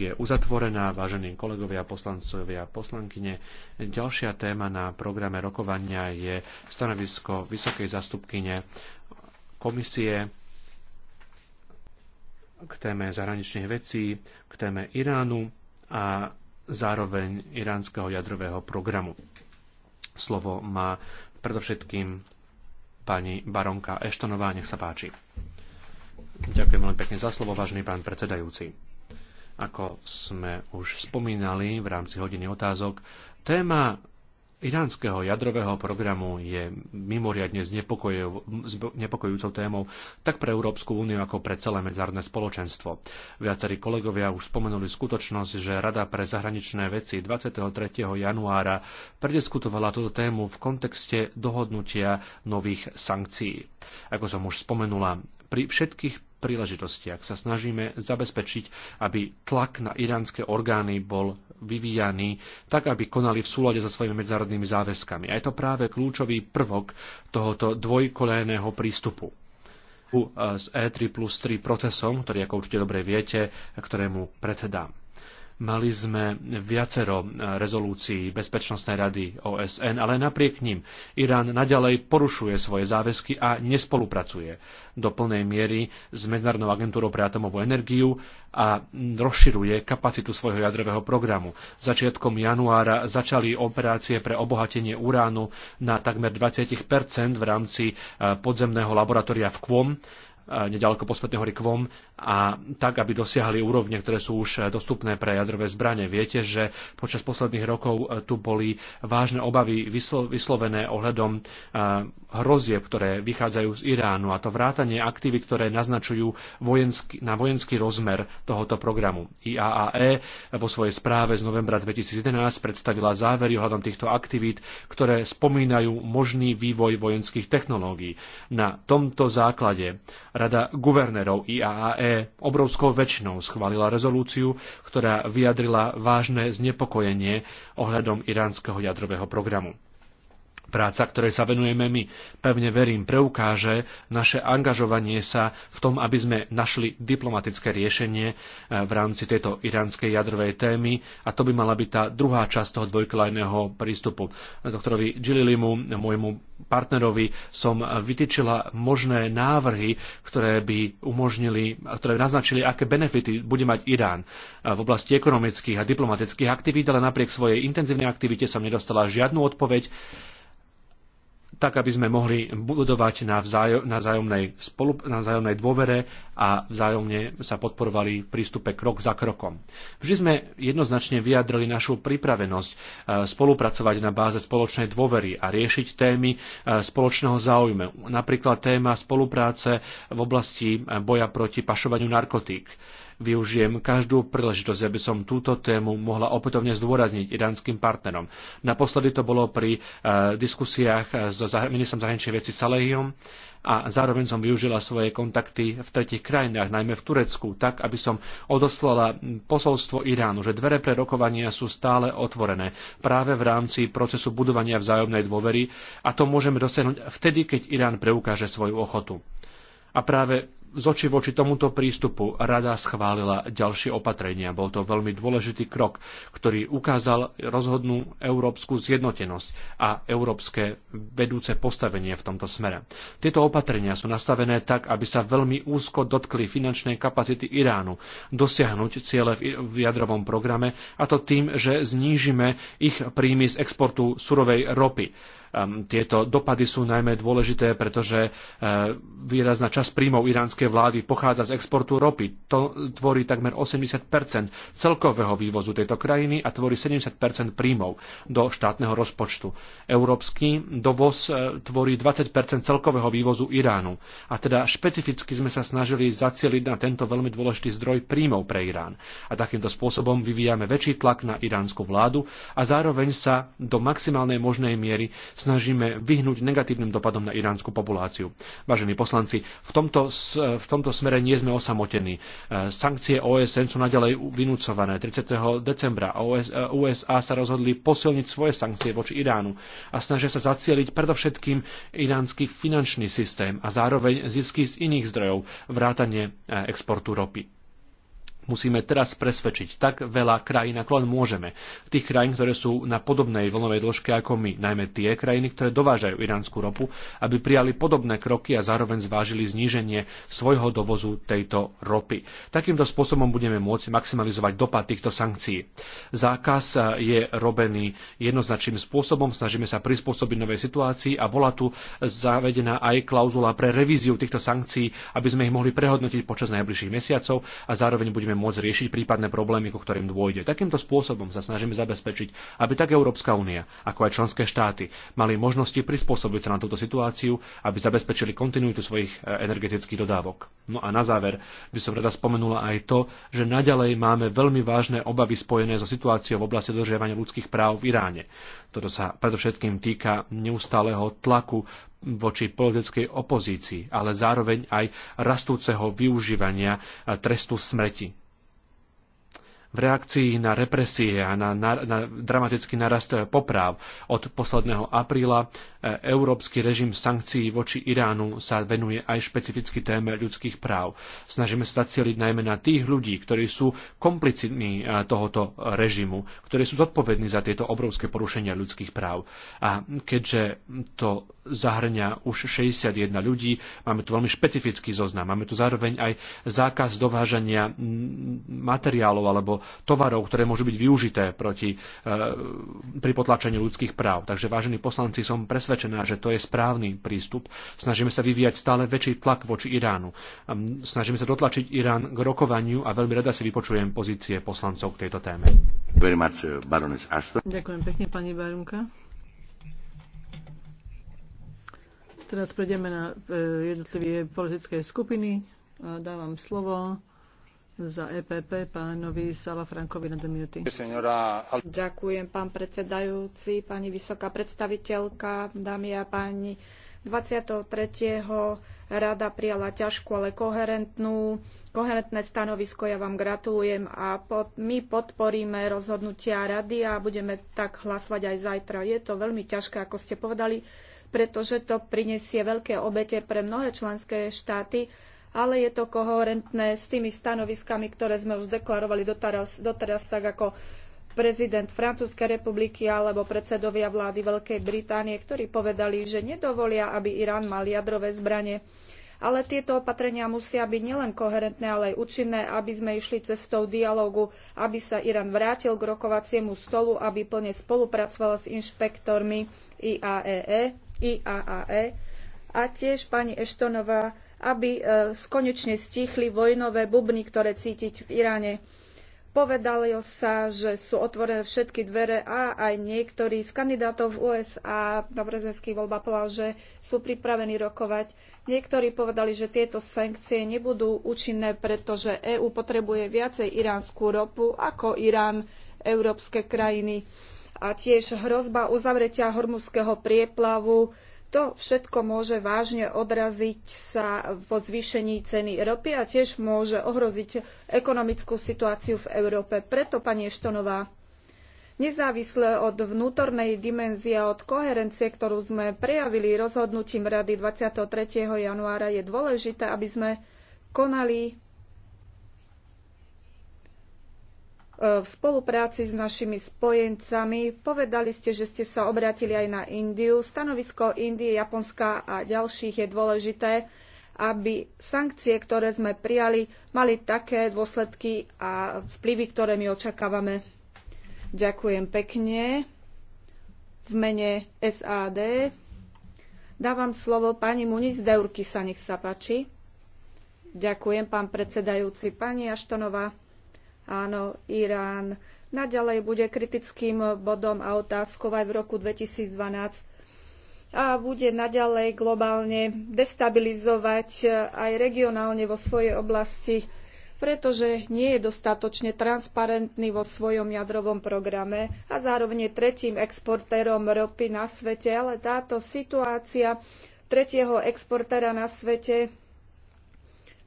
je uzatvorená, vážení kolegovia, poslancovia, poslankyne. Ďalšia téma na programe rokovania je stanovisko vysokej zastupkyne komisie k téme zahraničných vecí, k téme Iránu a zároveň iránskeho jadrového programu. Slovo má predovšetkým pani baronka Eštonová, nech sa páči. Ďakujem veľmi pekne za slovo, vážený pán predsedajúci ako sme už spomínali v rámci hodiny otázok, téma iránskeho jadrového programu je mimoriadne znepokojujúcou témou tak pre Európsku úniu, ako pre celé medzárodné spoločenstvo. Viacerí kolegovia už spomenuli skutočnosť, že Rada pre zahraničné veci 23. januára prediskutovala túto tému v kontexte dohodnutia nových sankcií. Ako som už spomenula, pri všetkých príležitostiach sa snažíme zabezpečiť, aby tlak na iránske orgány bol vyvíjaný tak, aby konali v súlade so svojimi medzárodnými záväzkami. A je to práve kľúčový prvok tohoto dvojkolejného prístupu e, s E3 plus 3 procesom, ktorý, ako určite dobre viete, ktorému predsedám. Mali sme viacero e, rezolúcií Bezpečnostnej rady OSN, ale napriek ním Irán naďalej porušuje svoje záväzky a nespolupracuje do plnej miery s Medzinárodnou agentúrou pre atomovú energiu a rozširuje kapacitu svojho jadrového programu. Začiatkom januára začali operácie pre obohatenie uránu na takmer 20 v rámci e, podzemného laboratória v Kvom e, nedaleko posvetného hory Kvom a tak, aby dosiahli úrovne, ktoré sú už dostupné pre jadrové zbranie. Viete, že počas posledných rokov e, tu boli vážne obavy vyslovené ohľadom e, hrozieb, ktoré vychádzajú z Iránu a to vrátanie aktivít, ktoré naznačujú vojenský, na vojenský rozmer tohoto programu. IAAE vo svojej správe z novembra 2011 predstavila závery ohľadom týchto aktivít, ktoré spomínajú možný vývoj vojenských technológií. Na tomto základe Rada guvernérov IAAE EE obrovskou väčšinou schválila rezolúciu, ktorá vyjadrila vážne znepokojenie ohľadom iránskeho jadrového programu. Práca, ktorej sa venujeme my, pevne verím, preukáže naše angažovanie sa v tom, aby sme našli diplomatické riešenie eh, v rámci tejto iránskej jadrovej témy a to by mala byť tá druhá časť toho dvojkolajného prístupu. Doktorovi Gililimu, môjmu partnerovi, som vytýčila možné návrhy, ktoré by umožnili, ktoré naznačili, aké benefity bude mať Irán eh, v oblasti ekonomických a diplomatických aktivít, ale napriek svojej intenzívnej aktivite som nedostala žiadnu odpoveď tak aby sme mohli budovať na, vzájo, na, vzájomnej, spolu, na vzájomnej dôvere a vzájomne sa podporovali v prístupe krok za krokom. Vždy sme jednoznačne vyjadrili našu pripravenosť e, spolupracovať na báze spoločnej dôvery a riešiť témy e, spoločného záujmu, napríklad téma spolupráce v oblasti e, boja proti pašovaniu narkotík Využijem každú príležitosť, aby som túto tému mohla opätovne zdôrazniť iránskym partnerom. Naposledy to bolo pri uh, diskusiách s ministrom zahraničnej veci Salehiom a zároveň som využila svoje kontakty v tretich krajinách, najmä v Turecku, tak, aby som odoslala posolstvo Iránu, že dvere pre rokovania sú stále otvorené práve v rámci procesu budovania vzájomnej dôvery a to môžeme dosiahnuť vtedy, keď Irán preukáže svoju ochotu. A práve z oči voči tomuto prístupu rada schválila ďalšie opatrenia. Bol to veľmi dôležitý krok, ktorý ukázal rozhodnú európsku zjednotenosť a európske vedúce postavenie v tomto smere. Tieto opatrenia sú nastavené tak, aby sa veľmi úzko dotkli finančnej kapacity Iránu dosiahnuť ciele v jadrovom programe, a to tým, že znížime ich príjmy z exportu surovej ropy Ehm, tieto dopady sú najmä dôležité, pretože e, výrazná časť príjmov iránskej vlády pochádza z exportu ropy. To tvorí takmer 80 celkového vývozu tejto krajiny a tvorí 70 príjmov do štátneho rozpočtu. Európsky dovoz e, tvorí 20 celkového vývozu Iránu. A teda špecificky sme sa snažili zacieliť na tento veľmi dôležitý zdroj príjmov pre Irán. A takýmto spôsobom vyvíjame väčší tlak na iránsku vládu a zároveň sa do maximálnej možnej miery snažíme vyhnúť negatívnym dopadom na iránsku populáciu. Vážení poslanci, v tomto, v tomto smere nie sme osamotení. E, sankcie OSN sú nadalej vynúcované. 30. decembra e, USA sa rozhodli posilniť svoje sankcie voči Iránu a snažia sa zacieliť predovšetkým iránsky finančný systém a zároveň zisky z iných zdrojov, vrátane e, exportu ropy musíme teraz presvedčiť tak veľa krajín, ako len môžeme. Tých krajín, ktoré sú na podobnej vlnovej dĺžke ako my, najmä tie krajiny, ktoré dovážajú iránsku ropu, aby prijali podobné kroky a zároveň zvážili zníženie svojho dovozu tejto ropy. Takýmto spôsobom budeme môcť maximalizovať dopad týchto sankcií. Zákaz eh, je robený jednoznačným spôsobom, snažíme sa prispôsobiť novej situácii a bola tu zavedená aj klauzula pre revíziu týchto sankcií, aby sme ich mohli prehodnotiť počas najbližších mesiacov a zároveň budeme budeme môcť riešiť prípadné problémy, ku ktorým dôjde. Takýmto spôsobom sa snažíme zabezpečiť, aby tak Európska únia, ako aj členské štáty, mali možnosti prispôsobiť sa na túto situáciu, aby zabezpečili kontinuitu svojich e, energetických dodávok. No a na záver by som rada spomenula aj to, že naďalej máme veľmi vážne obavy spojené so situáciou v oblasti dodržiavania ľudských práv v Iráne. Toto sa predovšetkým týka neustáleho tlaku voči politickej opozícii, ale zároveň aj rastúceho využívania e, trestu smrti v reakcii na represie a na, na, na dramatický narast eh, popráv od posledného apríla eh, európsky režim sankcií voči Iránu sa venuje aj špecificky téme ľudských práv. Snažíme sa zacieliť najmä na tých ľudí, ktorí sú komplicitní eh, tohoto režimu, ktorí sú zodpovední za tieto obrovské porušenia ľudských práv. A keďže to zahrňa už 61 ľudí. Máme tu veľmi špecifický zoznam. Máme tu zároveň aj zákaz dovážania materiálov alebo tovarov, ktoré môžu byť využité proti, e, pri potlačení ľudských práv. Takže, vážení poslanci, som presvedčená, že to je správny prístup. Snažíme sa vyvíjať stále väčší tlak voči Iránu. Snažíme sa dotlačiť Irán k rokovaniu a veľmi rada si vypočujem pozície poslancov k tejto téme. Uh, Ďakujem pekne, pani Barunka. Teraz prejdeme na e, jednotlivé politické skupiny. Dávam slovo za EPP pánovi Sala Frankovi na minúty. Ďakujem, pán predsedajúci, pani vysoká predstaviteľka, dámy a páni. 23. rada prijala ťažkú, ale koherentnú, koherentné stanovisko. Ja vám gratulujem a pod, my podporíme rozhodnutia rady a budeme tak hlasovať aj zajtra. Je to veľmi ťažké, ako ste povedali pretože to prinesie veľké obete pre mnohé členské štáty, ale je to koherentné s tými stanoviskami, ktoré sme už deklarovali doteraz, doteraz tak ako prezident Francúzskej republiky alebo predsedovia vlády Veľkej Británie, ktorí povedali, že nedovolia, aby Irán mal jadrové zbranie. Ale tieto opatrenia musia byť nielen koherentné, ale aj účinné, aby sme išli cestou dialógu, aby sa Irán vrátil k rokovaciemu stolu, aby plne spolupracoval s inšpektormi IAEE e. IAAE a tiež pani Eštonová, aby e, konečne stichli vojnové bubny, ktoré cítiť v Iráne. Povedalo sa, že sú otvorené všetky dvere a aj niektorí z kandidátov v USA na prezidentských voľbách povedal, že sú pripravení rokovať. Niektorí povedali, že tieto sankcie nebudú účinné, pretože EÚ potrebuje viacej iránsku ropu ako Irán európske krajiny a tiež hrozba uzavretia hormuzského prieplavu. To všetko môže vážne odraziť sa vo zvýšení ceny ropy a tiež môže ohroziť ekonomickú situáciu v Európe. Preto, pani Eštonová, nezávisle od vnútornej dimenzie a od koherencie, ktorú sme prejavili rozhodnutím Rady 23. januára, je dôležité, aby sme konali E, v spolupráci s našimi spojencami. Povedali ste, že ste sa obratili aj na Indiu. Stanovisko Indie, Japonska a ďalších je dôležité, aby sankcie, ktoré sme prijali, mali také dôsledky a vplyvy, ktoré my očakávame. Ďakujem pekne. V mene SAD dávam slovo pani Muniz Deurky sa nech sa páči. Ďakujem, pán predsedajúci. Pani Aštonová, Áno, Irán naďalej bude kritickým bodom a otázkou aj v roku 2012 a bude naďalej globálne destabilizovať aj regionálne vo svojej oblasti, pretože nie je dostatočne transparentný vo svojom jadrovom programe a zároveň je tretím exportérom ropy na svete, ale táto situácia tretieho exportéra na svete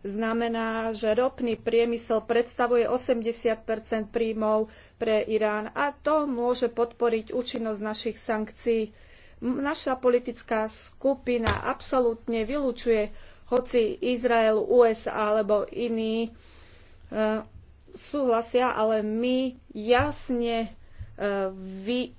znamená, že ropný priemysel predstavuje 80 príjmov pre Irán a to môže podporiť účinnosť našich sankcií. Naša politická skupina absolútne vylúčuje, hoci Izrael, USA alebo iní e, súhlasia, ale my jasne vy,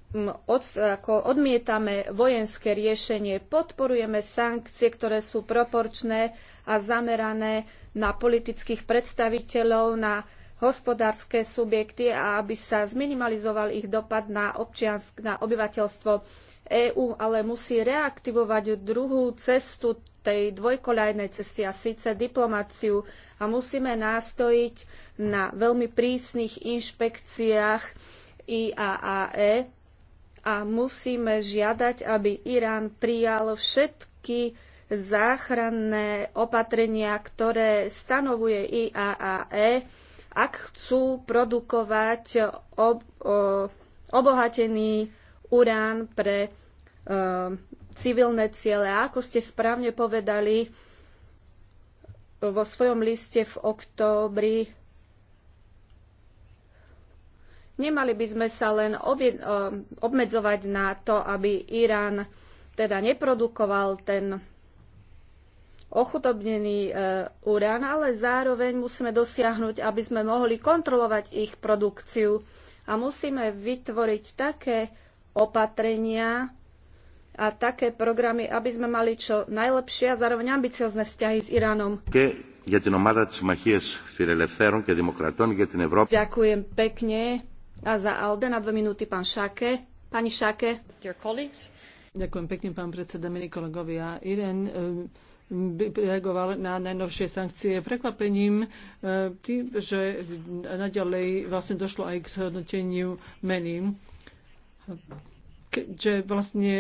od, ako odmietame vojenské riešenie, podporujeme sankcie, ktoré sú proporčné a zamerané na politických predstaviteľov, na hospodárske subjekty a aby sa zminimalizoval ich dopad na, občiansk, na obyvateľstvo EÚ, ale musí reaktivovať druhú cestu tej dvojkoľajnej cesty a síce diplomáciu a musíme nástojiť na veľmi prísnych inšpekciách IAAE a musíme žiadať, aby Irán prijal všetky záchranné opatrenia, ktoré stanovuje IAAE, ak chcú produkovať ob, obohatený urán pre e, civilné ciele. A ako ste správne povedali vo svojom liste v októbri, Nemali by sme sa len obmedzovať na to, aby Irán teda neprodukoval ten ochutobnený e, urán, ale zároveň musíme dosiahnuť, aby sme mohli kontrolovať ich produkciu a musíme vytvoriť také opatrenia a také programy, aby sme mali čo najlepšie a zároveň ambiciozne vzťahy s Iránom. Ďakujem pekne a za Alde na dve minúty pán Šake. Pani Šake. Ďakujem pekne, pán predseda, milí kolegovia. Eh, by reagoval na najnovšie sankcie. Prekvapením eh, tým, že naďalej vlastne došlo aj k zhodnoteniu meny keďže vlastne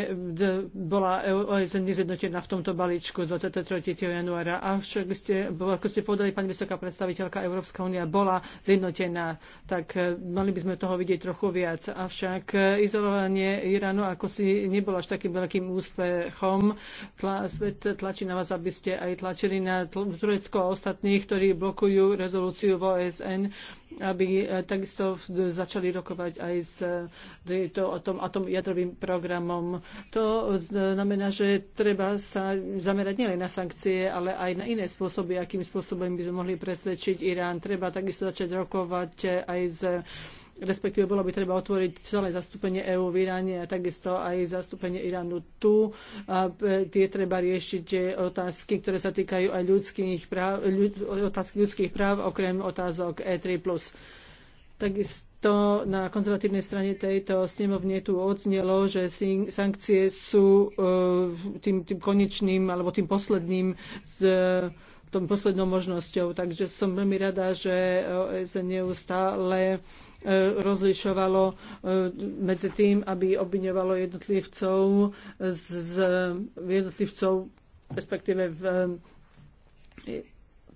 bola OSN nezjednotená v tomto balíčku 23. januára. Avšak ste, ako ste povedali, pani vysoká predstaviteľka, Európska únia bola zjednotená, tak e, mali by sme toho vidieť trochu viac. Avšak e, izolovanie Iránu ako si nebolo až takým veľkým úspechom. Tla, svet tlačí na vás, aby ste aj tlačili na Turecko a ostatných, ktorí blokujú rezolúciu v OSN aby e, takisto začali rokovať aj s e, to, o, tom, o tom jadrovým programom. To znamená, že treba sa zamerať nielen na sankcie, ale aj na iné spôsoby, akým spôsobom by sme mohli presvedčiť Irán. Treba takisto začať rokovať e, aj s respektíve bolo by treba otvoriť celé zastúpenie EÚ v Iráne a takisto aj zastúpenie Iránu tu. A e, tie treba riešiť e, otázky, ktoré sa týkajú aj ľudských práv, ľud, otázky ľudských práv, okrem otázok E3+. Takisto na konzervatívnej strane tejto snemovne tu odznelo, že sankcie sú e, tým, tým konečným alebo tým posledným z, tom poslednou možnosťou. Takže som veľmi rada, že sa neustále E, rozlišovalo e, medzi tým, aby obviňovalo jednotlivcov z, jednotlivcov, respektíve v e,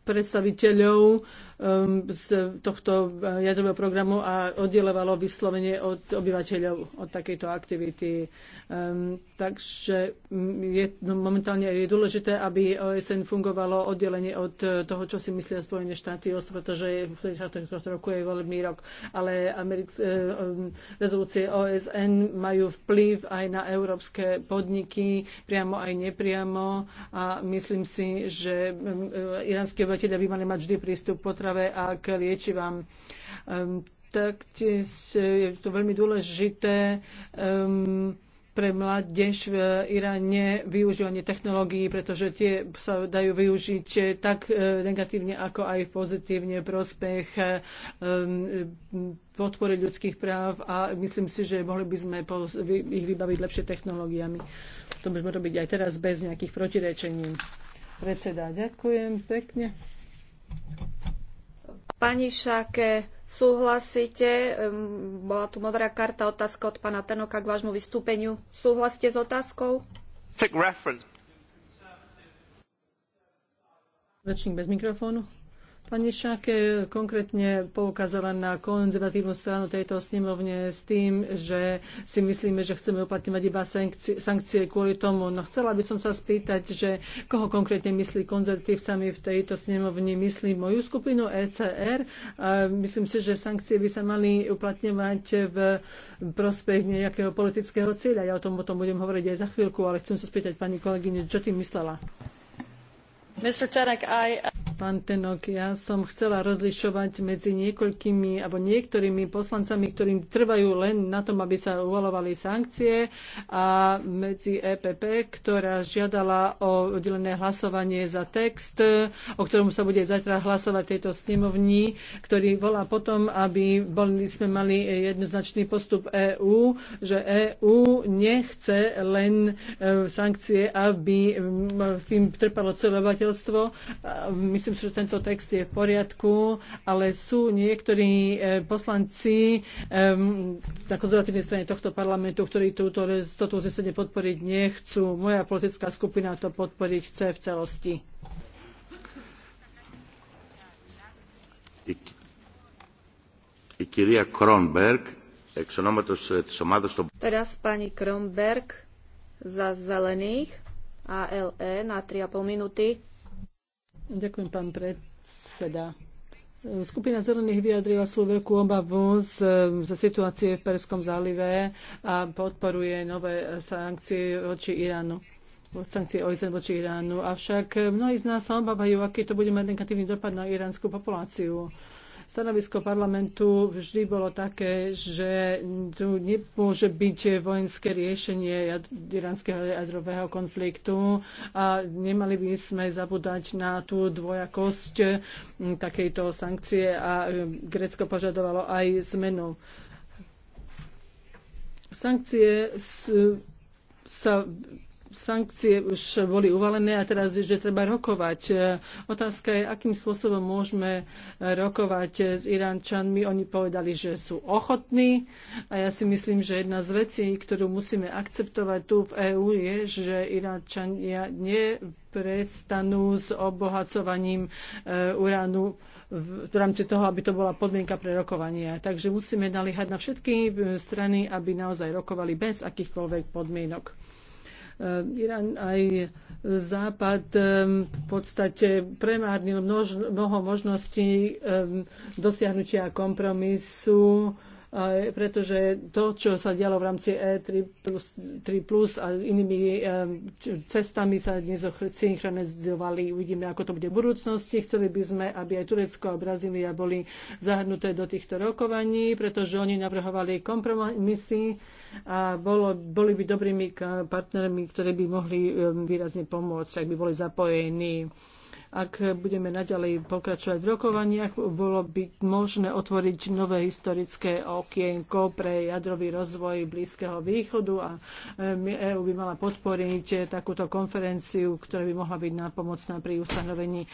predstaviteľov Um, z tohto jadrového programu a oddelovalo vyslovene od obyvateľov od takejto aktivity. Um, takže mm, je, no, momentálne je dôležité, aby OSN fungovalo oddelenie od toho, čo si myslia Spojené štáty, pretože v tohto roku je veľmi rok, ale Americ- e, um, rezolúcie OSN majú vplyv aj na európske podniky, priamo aj nepriamo a myslím si, že mm, e, iránske obyvateľia by mali mať vždy prístup potravinám zdravé a k liečivám. Ehm, tak tis, e, je to veľmi dôležité ehm, pre mládež v Iráne využívanie technológií, pretože tie sa dajú využiť tak e, negatívne, ako aj pozitívne prospech e, ehm, podpory ľudských práv a myslím si, že mohli by sme ich vybaviť lepšie technológiami. To môžeme robiť aj teraz bez nejakých protirečení. Predseda, ďakujem pekne. Pani Šáke, súhlasíte? Bola tu modrá karta, otázka od pána Tenoka k vášmu vystúpeniu. Súhlasíte s otázkou? Rečník bez mikrofónu. Pani Šáke konkrétne poukázala na konzervatívnu stranu tejto snemovne s tým, že si myslíme, že chceme uplatňovať iba sankcie, sankcie kvôli tomu. No chcela by som sa spýtať, že koho konkrétne myslí konzervatívcami v tejto snemovni? Myslí moju skupinu ECR? A myslím si, že sankcie by sa mali uplatňovať v prospech nejakého politického cieľa. Ja o tom potom budem hovoriť aj za chvíľku, ale chcem sa spýtať pani kolegyne, čo tým myslela. Uh, Pán Tenok, ja som chcela rozlišovať medzi niekoľkými alebo niektorými poslancami, ktorým trvajú len na tom, aby sa uvalovali sankcie a medzi EPP, ktorá žiadala o udelené hlasovanie za text, o ktorom sa bude zatiaľ hlasovať tejto snemovni, ktorý volá potom, aby boli, sme mali jednoznačný postup EÚ, že EÚ nechce len e, sankcie, aby tým trpalo celovateľ obyvateľstvo. Myslím si, že tento text je v poriadku, ale sú niektorí e, poslanci na konzervatívnej strane tohto parlamentu, ktorí túto, toto uznesenie podporiť nechcú. Moja politická skupina to podporiť chce v celosti. Teraz pani Kronberg za zelených ALE na 3,5 minúty. Ďakujem, pán predseda. Skupina zelených vyjadrila svoju veľkú obavu z, z situácie v Perskom zálive a podporuje nové sankcie voči Iránu sankcie OSN voči Iránu. Avšak mnohí z nás sa obávajú, aký to bude mať negatívny dopad na iránsku populáciu. Stanovisko parlamentu vždy bolo také, že tu nemôže byť vojenské riešenie iránskeho jadrového konfliktu a nemali by sme zabúdať na tú dvojakosť takejto sankcie a Grécko požadovalo aj zmenu. Sankcie sa sankcie už boli uvalené a teraz je, že treba rokovať. E, otázka je, akým spôsobom môžeme rokovať s Iránčanmi. Oni povedali, že sú ochotní a ja si myslím, že jedna z vecí, ktorú musíme akceptovať tu v EÚ je, že Iránčania neprestanú s obohacovaním e, uránu v rámci toho, aby to bola podmienka pre rokovanie. Takže musíme naliehať na všetky strany, aby naozaj rokovali bez akýchkoľvek podmienok. Eh, Irán aj Západ eh, v podstate premárnil mnoho možností eh, dosiahnutia kompromisu pretože to, čo sa dialo v rámci E3 plus, a inými e, cestami sa nezosynchronizovali. Uvidíme, ako to bude v budúcnosti. Chceli by sme, aby aj Turecko a Brazília boli zahrnuté do týchto rokovaní, pretože oni navrhovali kompromisy a bolo, boli by dobrými partnermi, ktorí by mohli e, výrazne pomôcť, ak by boli zapojení ak budeme naďalej pokračovať v rokovaniach, bolo by možné otvoriť nové historické okienko pre jadrový rozvoj Blízkeho východu a EU e by mala podporiť e, takúto konferenciu, ktorá by mohla byť nápomocná pri ustanovení e,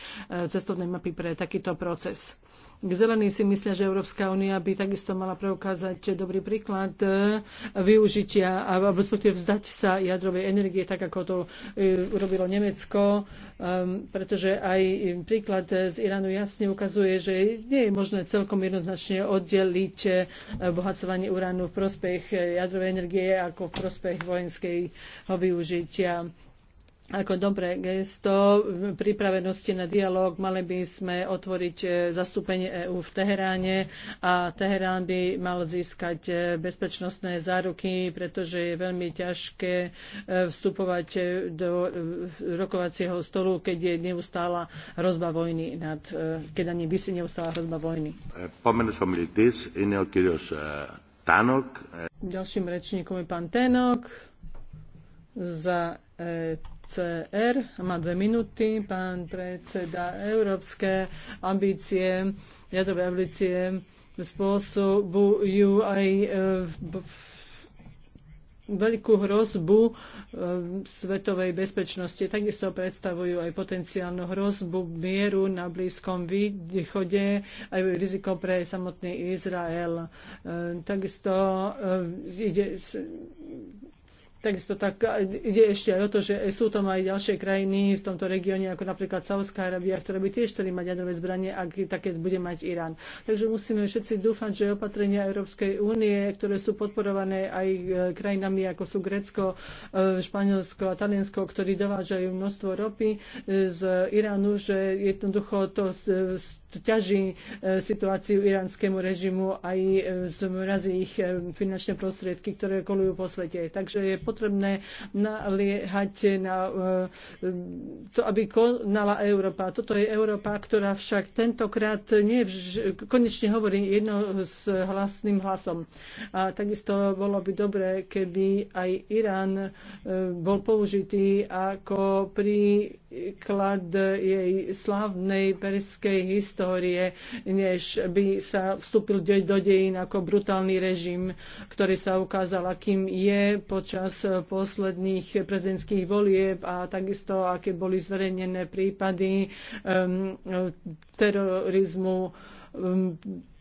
cestovnej mapy pre takýto proces. Zelení si myslia, že Európska únia by takisto mala preukázať dobrý príklad e, využitia a respektíve vzdať sa jadrovej energie, tak ako to e, urobilo Nemecko, ehm, pretože aj príklad z Iránu jasne ukazuje, že nie je možné celkom jednoznačne oddeliť e, bohacovanie uránu v prospech jadrovej energie ako v prospech vojenského využitia ako dobré gesto pripravenosti na dialog mali by sme otvoriť e, zastúpenie EÚ v Teheráne a Teherán by mal získať e, bezpečnostné záruky, pretože je veľmi ťažké e, vstupovať do rokovacieho stolu, keď je neustála hrozba vojny, nad, keď ani by si neustála hrozba vojny. Ďalším rečníkom je pán Tenok za ECR. Má dve minúty. Pán predseda, európske ambície, jadrové ambície spôsobujú aj eh, veľkú hrozbu eh, svetovej bezpečnosti. Takisto predstavujú aj potenciálnu hrozbu mieru na Blízkom východe, aj riziko pre samotný Izrael. Eh, takisto ide Takisto tak ide ešte aj o to, že sú tam aj ďalšie krajiny v tomto regióne, ako napríklad Saudská Arábia, ktoré by tiež chceli mať jadrové zbranie, ak také bude mať Irán. Takže musíme všetci dúfať, že opatrenia Európskej únie, ktoré sú podporované aj e, krajinami ako sú Grécko, e, Španielsko a Taliansko, ktorí dovážajú množstvo ropy e, z Iránu, že jednoducho to ťaží situáciu iránskému režimu aj zmrazí ich finančné prostriedky, ktoré kolujú po svete. Takže je potrebné naliehať na eh, to, aby konala Európa. Toto je Európa, ktorá však tentokrát nie konečne hovorí jedno s hlasným hlasom. A takisto bolo by dobré, keby aj Irán eh, bol použitý ako príklad jej slávnej perskej histórie, než by sa vstúpil do dejín ako brutálny režim, ktorý sa ukázal, akým je počas počas posledných prezidentských volieb a takisto, aké boli zverejnené prípady um, terorizmu um,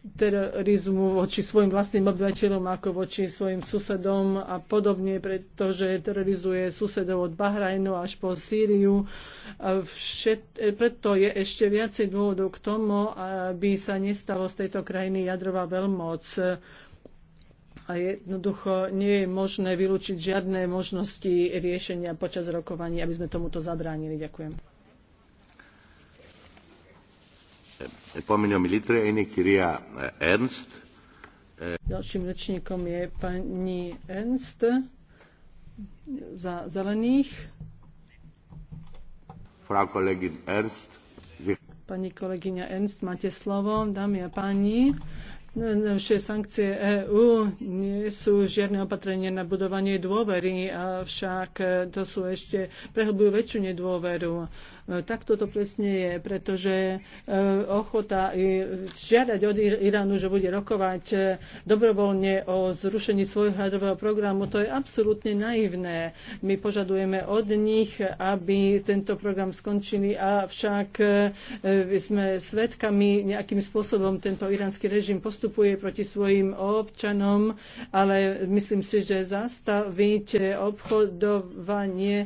terorizmu voči svojim vlastným obyvateľom ako voči svojim susedom a podobne, pretože terorizuje susedov od Bahrajnu až po Sýriu. Všet, e, preto je ešte viacej dôvodov k tomu, aby sa nestalo z tejto krajiny jadrová veľmoc a jednoducho nie je možné vylúčiť žiadne možnosti riešenia počas rokovaní, aby sme tomuto zabránili. Ďakujem. Ďalším rečníkom je pani Ernst za zelených. Frau Kollegin Ernst. Pani kolegyňa Ernst, máte slovo, dámy a páni. No, Najnovšie sankcie EÚ nie sú žiadne opatrenie na budovanie dôvery, avšak to sú ešte, prehlbujú väčšiu nedôveru. Tak toto presne je, pretože e, ochota žiadať od Iránu, že bude rokovať e, dobrovoľne o zrušení svojho jadrového programu, to je absolútne naivné. My požadujeme od nich, aby tento program skončili, avšak e, sme svedkami, nejakým spôsobom tento iránsky režim postupuje postupuje proti svojim občanom, ale myslím si, že zastaviť obchodovanie e,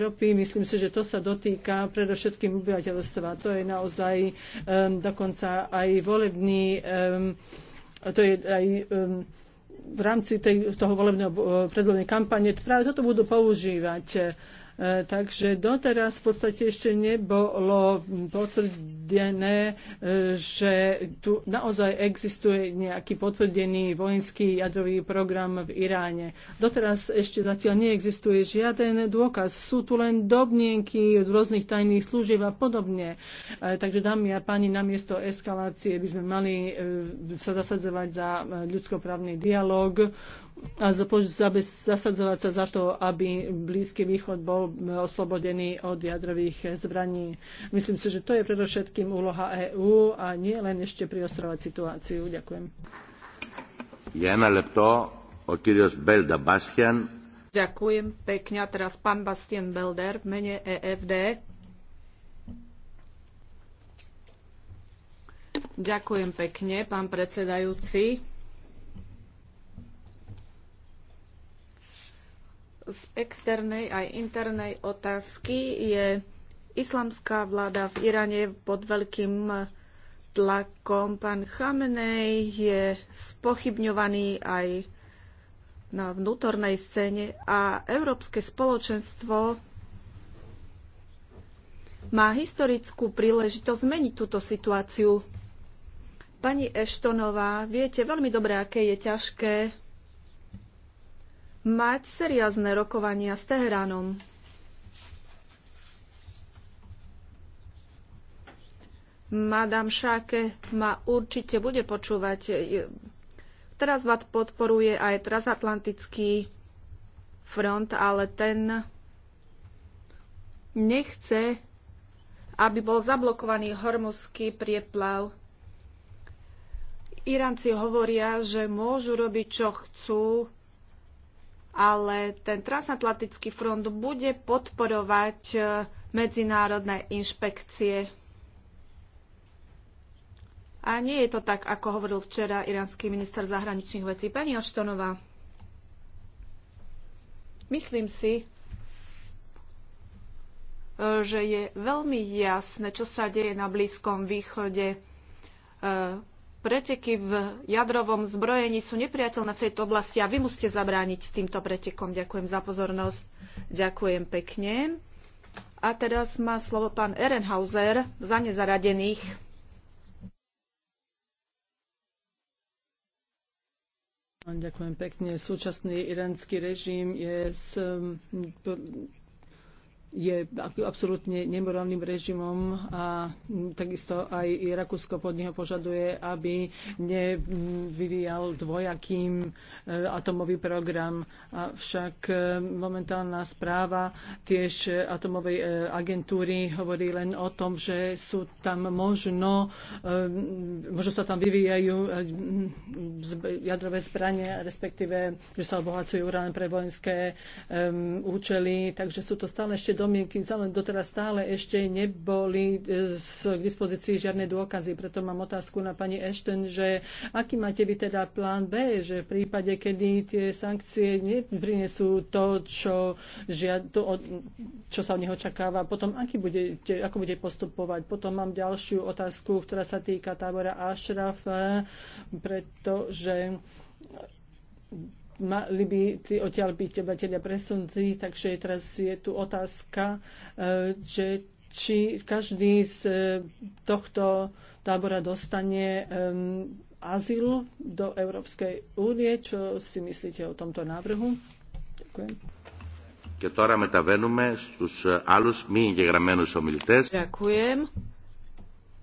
ropy, myslím si, že to sa dotýka predovšetkým obyvateľstva. To je naozaj um, dokonca aj volebný, um, to je aj um, v rámci tej, toho volebného predvolebnej kampane práve toto budú používať. E, takže doteraz v podstate ešte nebolo potvrdené, e, že tu naozaj existuje nejaký potvrdený vojenský jadrový program v Iráne. Doteraz ešte zatiaľ neexistuje žiaden dôkaz. Sú tu len domnienky od rôznych tajných služieb a podobne. E, takže dámy a páni, namiesto eskalácie by sme mali sa zasadzovať za ľudskoprávny dialog, a zasadzovať sa za to, aby Blízky východ bol e, oslobodený od jadrových e, zbraní. Myslím si, že to je predovšetkým úloha EÚ a nie len ešte priostrovať situáciu. Ďakujem. Jana Lepto, o Belda Bastian. Ďakujem pekne. teraz pán Bastian Belder v mene EFD. Ďakujem pekne, pán predsedajúci. z externej aj internej otázky je islamská vláda v Iráne pod veľkým tlakom. Pán Chamenej je spochybňovaný aj na vnútornej scéne a Európske spoločenstvo má historickú príležitosť zmeniť túto situáciu. Pani Eštonová, viete veľmi dobre, aké je ťažké mať seriózne rokovania s Teheránom. Madame Šáke ma určite bude počúvať. Teraz vás podporuje aj transatlantický front, ale ten nechce, aby bol zablokovaný hormuzský prieplav. Iránci hovoria, že môžu robiť, čo chcú, ale ten transatlantický front bude podporovať e, medzinárodné inšpekcie. A nie je to tak, ako hovoril včera iránsky minister zahraničných vecí. Pani oštonová. myslím si, e, že je veľmi jasné, čo sa deje na Blízkom východe e, preteky v jadrovom zbrojení sú nepriateľné v tejto oblasti a vy musíte zabrániť týmto pretekom. Ďakujem za pozornosť. Ďakujem pekne. A teraz má slovo pán Ehrenhauser za nezaradených. Ďakujem pekne. Súčasný iránsky režim je je absolútne nemorálnym režimom a takisto aj Rakúsko pod neho požaduje, aby nevyvíjal dvojakým e, atomový program. Avšak e, momentálna správa tiež e, atomovej agentúry hovorí len o tom, že sú tam možno, možno sa tam vyvíjajú jadrové zbranie, respektíve, že sa obohacujú urán pre vojenské účely, takže sú to stále ešte domienky sa len doteraz stále ešte neboli e, k dispozícii žiadne dôkazy. Preto mám otázku na pani Ešten, že aký máte vy teda plán B, že v prípade, kedy tie sankcie neprinesú to, čo, žiad, to, čo sa od neho očakáva, potom aký bude, ako bude postupovať. Potom mám ďalšiu otázku, ktorá sa týka tábora Ashraf, pretože mali by tí odtiaľ byť obyvateľia presunutí, takže teraz je tu otázka, e, že či každý z e, tohto tábora dostane azyl do Európskej únie. Čo si myslíte o tomto návrhu? Ďakujem. Και τώρα μεταβαίνουμε στους άλλους μη εγγεγραμμένους ομιλητές. Ďakujem.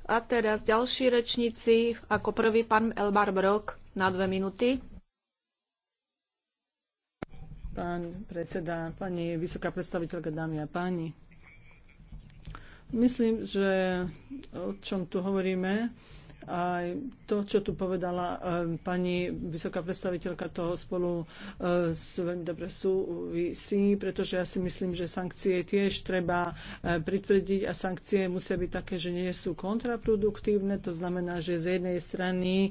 A teraz ďalší rečníci, ako prvý pán Elmar Brok na dve minúty pán predseda, pani vysoká predstaviteľka, dámy a páni. Myslím, že o čom tu hovoríme, a to, čo tu povedala eh, pani vysoká predstaviteľka, to spolu eh, sú veľmi dobre súvisí, pretože ja si myslím, že sankcie tiež treba eh, pritvrdiť a sankcie musia byť také, že nie sú kontraproduktívne. To znamená, že z jednej strany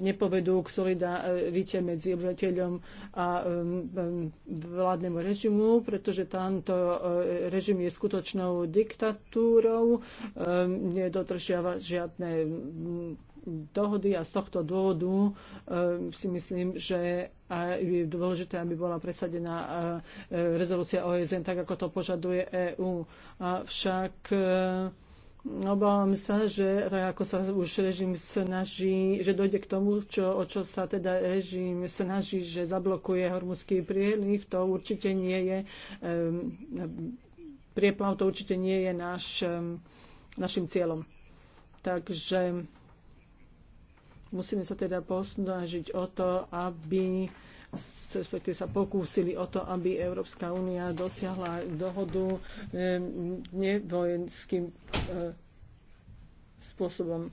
nepovedú k solidarite medzi obyvateľom a vládnemu režimu, pretože tamto režim je skutočnou diktatúrou, nedotržiava žiadne dohody a z tohto dôvodu eh, si myslím, že je dôležité, aby bola presadená eh, rezolúcia OSN tak, ako to požaduje EÚ. Avšak eh, Obávam sa, že tak ako sa už režim snaží, že dojde k tomu, čo, o čo sa teda režim snaží, že zablokuje hormuzský prieliv, to určite nie je prieplav, to určite nie je náš, našim cieľom. Takže musíme sa teda posnažiť o to, aby sa pokúsili o to, aby Európska únia dosiahla dohodu eh, nevojenským eh, spôsobom.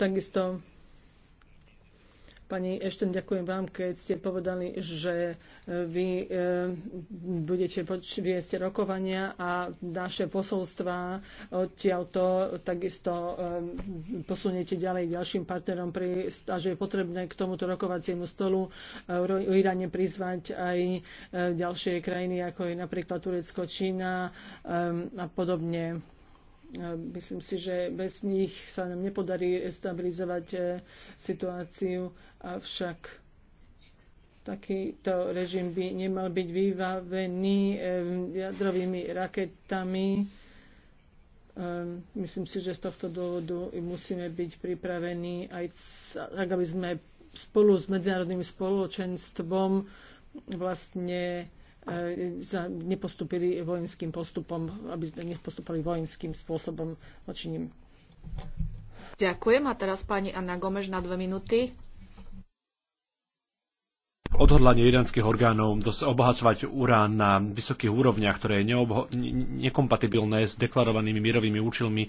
Takisto Pani Ešten, ďakujem vám, keď ste povedali, že e, vy e, budete viesť rokovania a naše posolstva odtiaľto takisto e, posuniete ďalej ďalším partnerom pri, a že je potrebné k tomuto rokovaciemu stolu o Iráne prizvať aj ďalšie krajiny, ako je napríklad Turecko, Čína a podobne. Myslím si, že bez nich sa nám nepodarí stabilizovať e, situáciu, avšak takýto režim by nemal byť vybavený e, jadrovými raketami. E, myslím si, že z tohto dôvodu musíme byť pripravení aj tak, aby sme spolu s medzinárodným spoločenstvom vlastne sa e, nepostupili vojenským postupom, aby sme nepostupali vojenským spôsobom voči nim. Ďakujem a teraz pani Anna Gomeš na dve minúty odhodlanie iránskych orgánov obohacovať urán na vysokých úrovniach, ktoré je neobho- nekompatibilné s deklarovanými mierovými účelmi, e,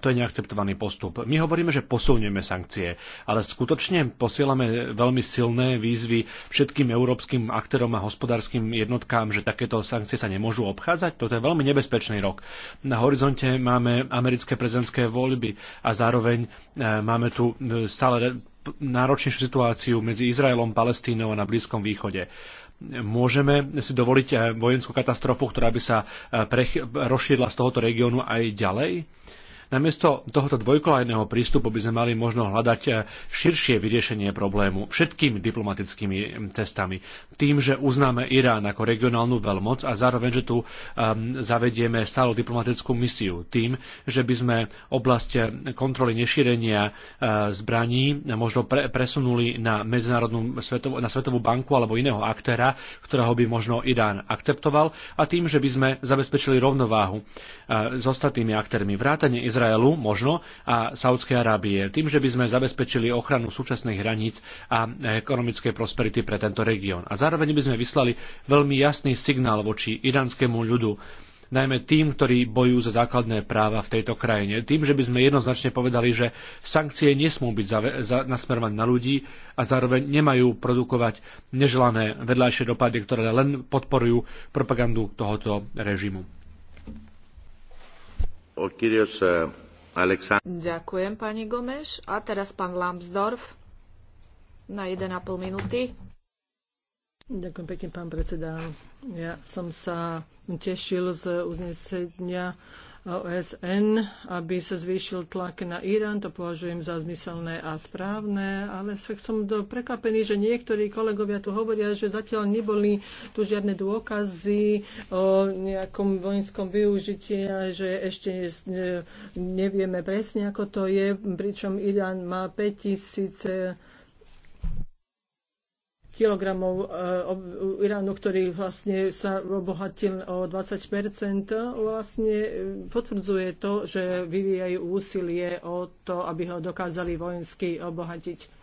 to je neakceptovaný postup. My hovoríme, že posunieme sankcie, ale skutočne posielame veľmi silné výzvy všetkým európskym aktérom a hospodárskym jednotkám, že takéto sankcie sa nemôžu obchádzať. Toto je veľmi nebezpečný rok. Na horizonte máme americké prezidentské voľby a zároveň e, máme tu e, stále náročnejšiu situáciu medzi Izraelom, Palestínou a na Blízkom východe môžeme si dovoliť eh, vojenskú katastrofu, ktorá by sa eh, rozšírila z tohoto regiónu aj ďalej? Namiesto tohoto dvojkolajného prístupu by sme mali možno hľadať eh, širšie vyriešenie problému všetkými diplomatickými testami. Mm, tým, že uznáme Irán ako regionálnu veľmoc a zároveň, že tu um, zavedieme stálu diplomatickú misiu. Tým, že by sme oblasť eh, kontroly nešírenia uh, zbraní možno pre, presunuli na medzinárodnú svetovú, na Svetovú banku alebo iného aktéra, ktorého by možno Irán akceptoval a tým, že by sme zabezpečili rovnováhu uh, s ostatnými aktérmi. Vrátanie Izraela Izraelu možno a Saudskej Arábie, tým, že by sme zabezpečili ochranu súčasných hraníc a ekonomickej prosperity pre tento región. A zároveň by sme vyslali veľmi jasný signál voči iránskému ľudu, najmä tým, ktorí bojujú za základné práva v tejto krajine. Tým, že by sme jednoznačne povedali, že sankcie nesmú byť nasmerované na ľudí a zároveň nemajú produkovať neželané vedľajšie dopady, ktoré len podporujú propagandu tohoto režimu. Eh, Ďakujem, pani Gomeš. A teraz pán Lambsdorff na 1,5 minúty. Ďakujem pekne, pán predseda. Ja som sa tešil z uznesenia OSN, aby sa zvýšil tlak na Irán. To považujem za zmyselné a správne, ale však som prekvapený, že niektorí kolegovia tu hovoria, že zatiaľ neboli tu žiadne dôkazy o nejakom vojenskom využití a že ešte nevieme presne, ako to je, pričom Irán má 5000 kilogramov e, uránu, ktorý vlastne sa obohatil o 20 vlastne e, potvrdzuje to, že vyvíjajú úsilie o to, aby ho dokázali vojensky obohatiť.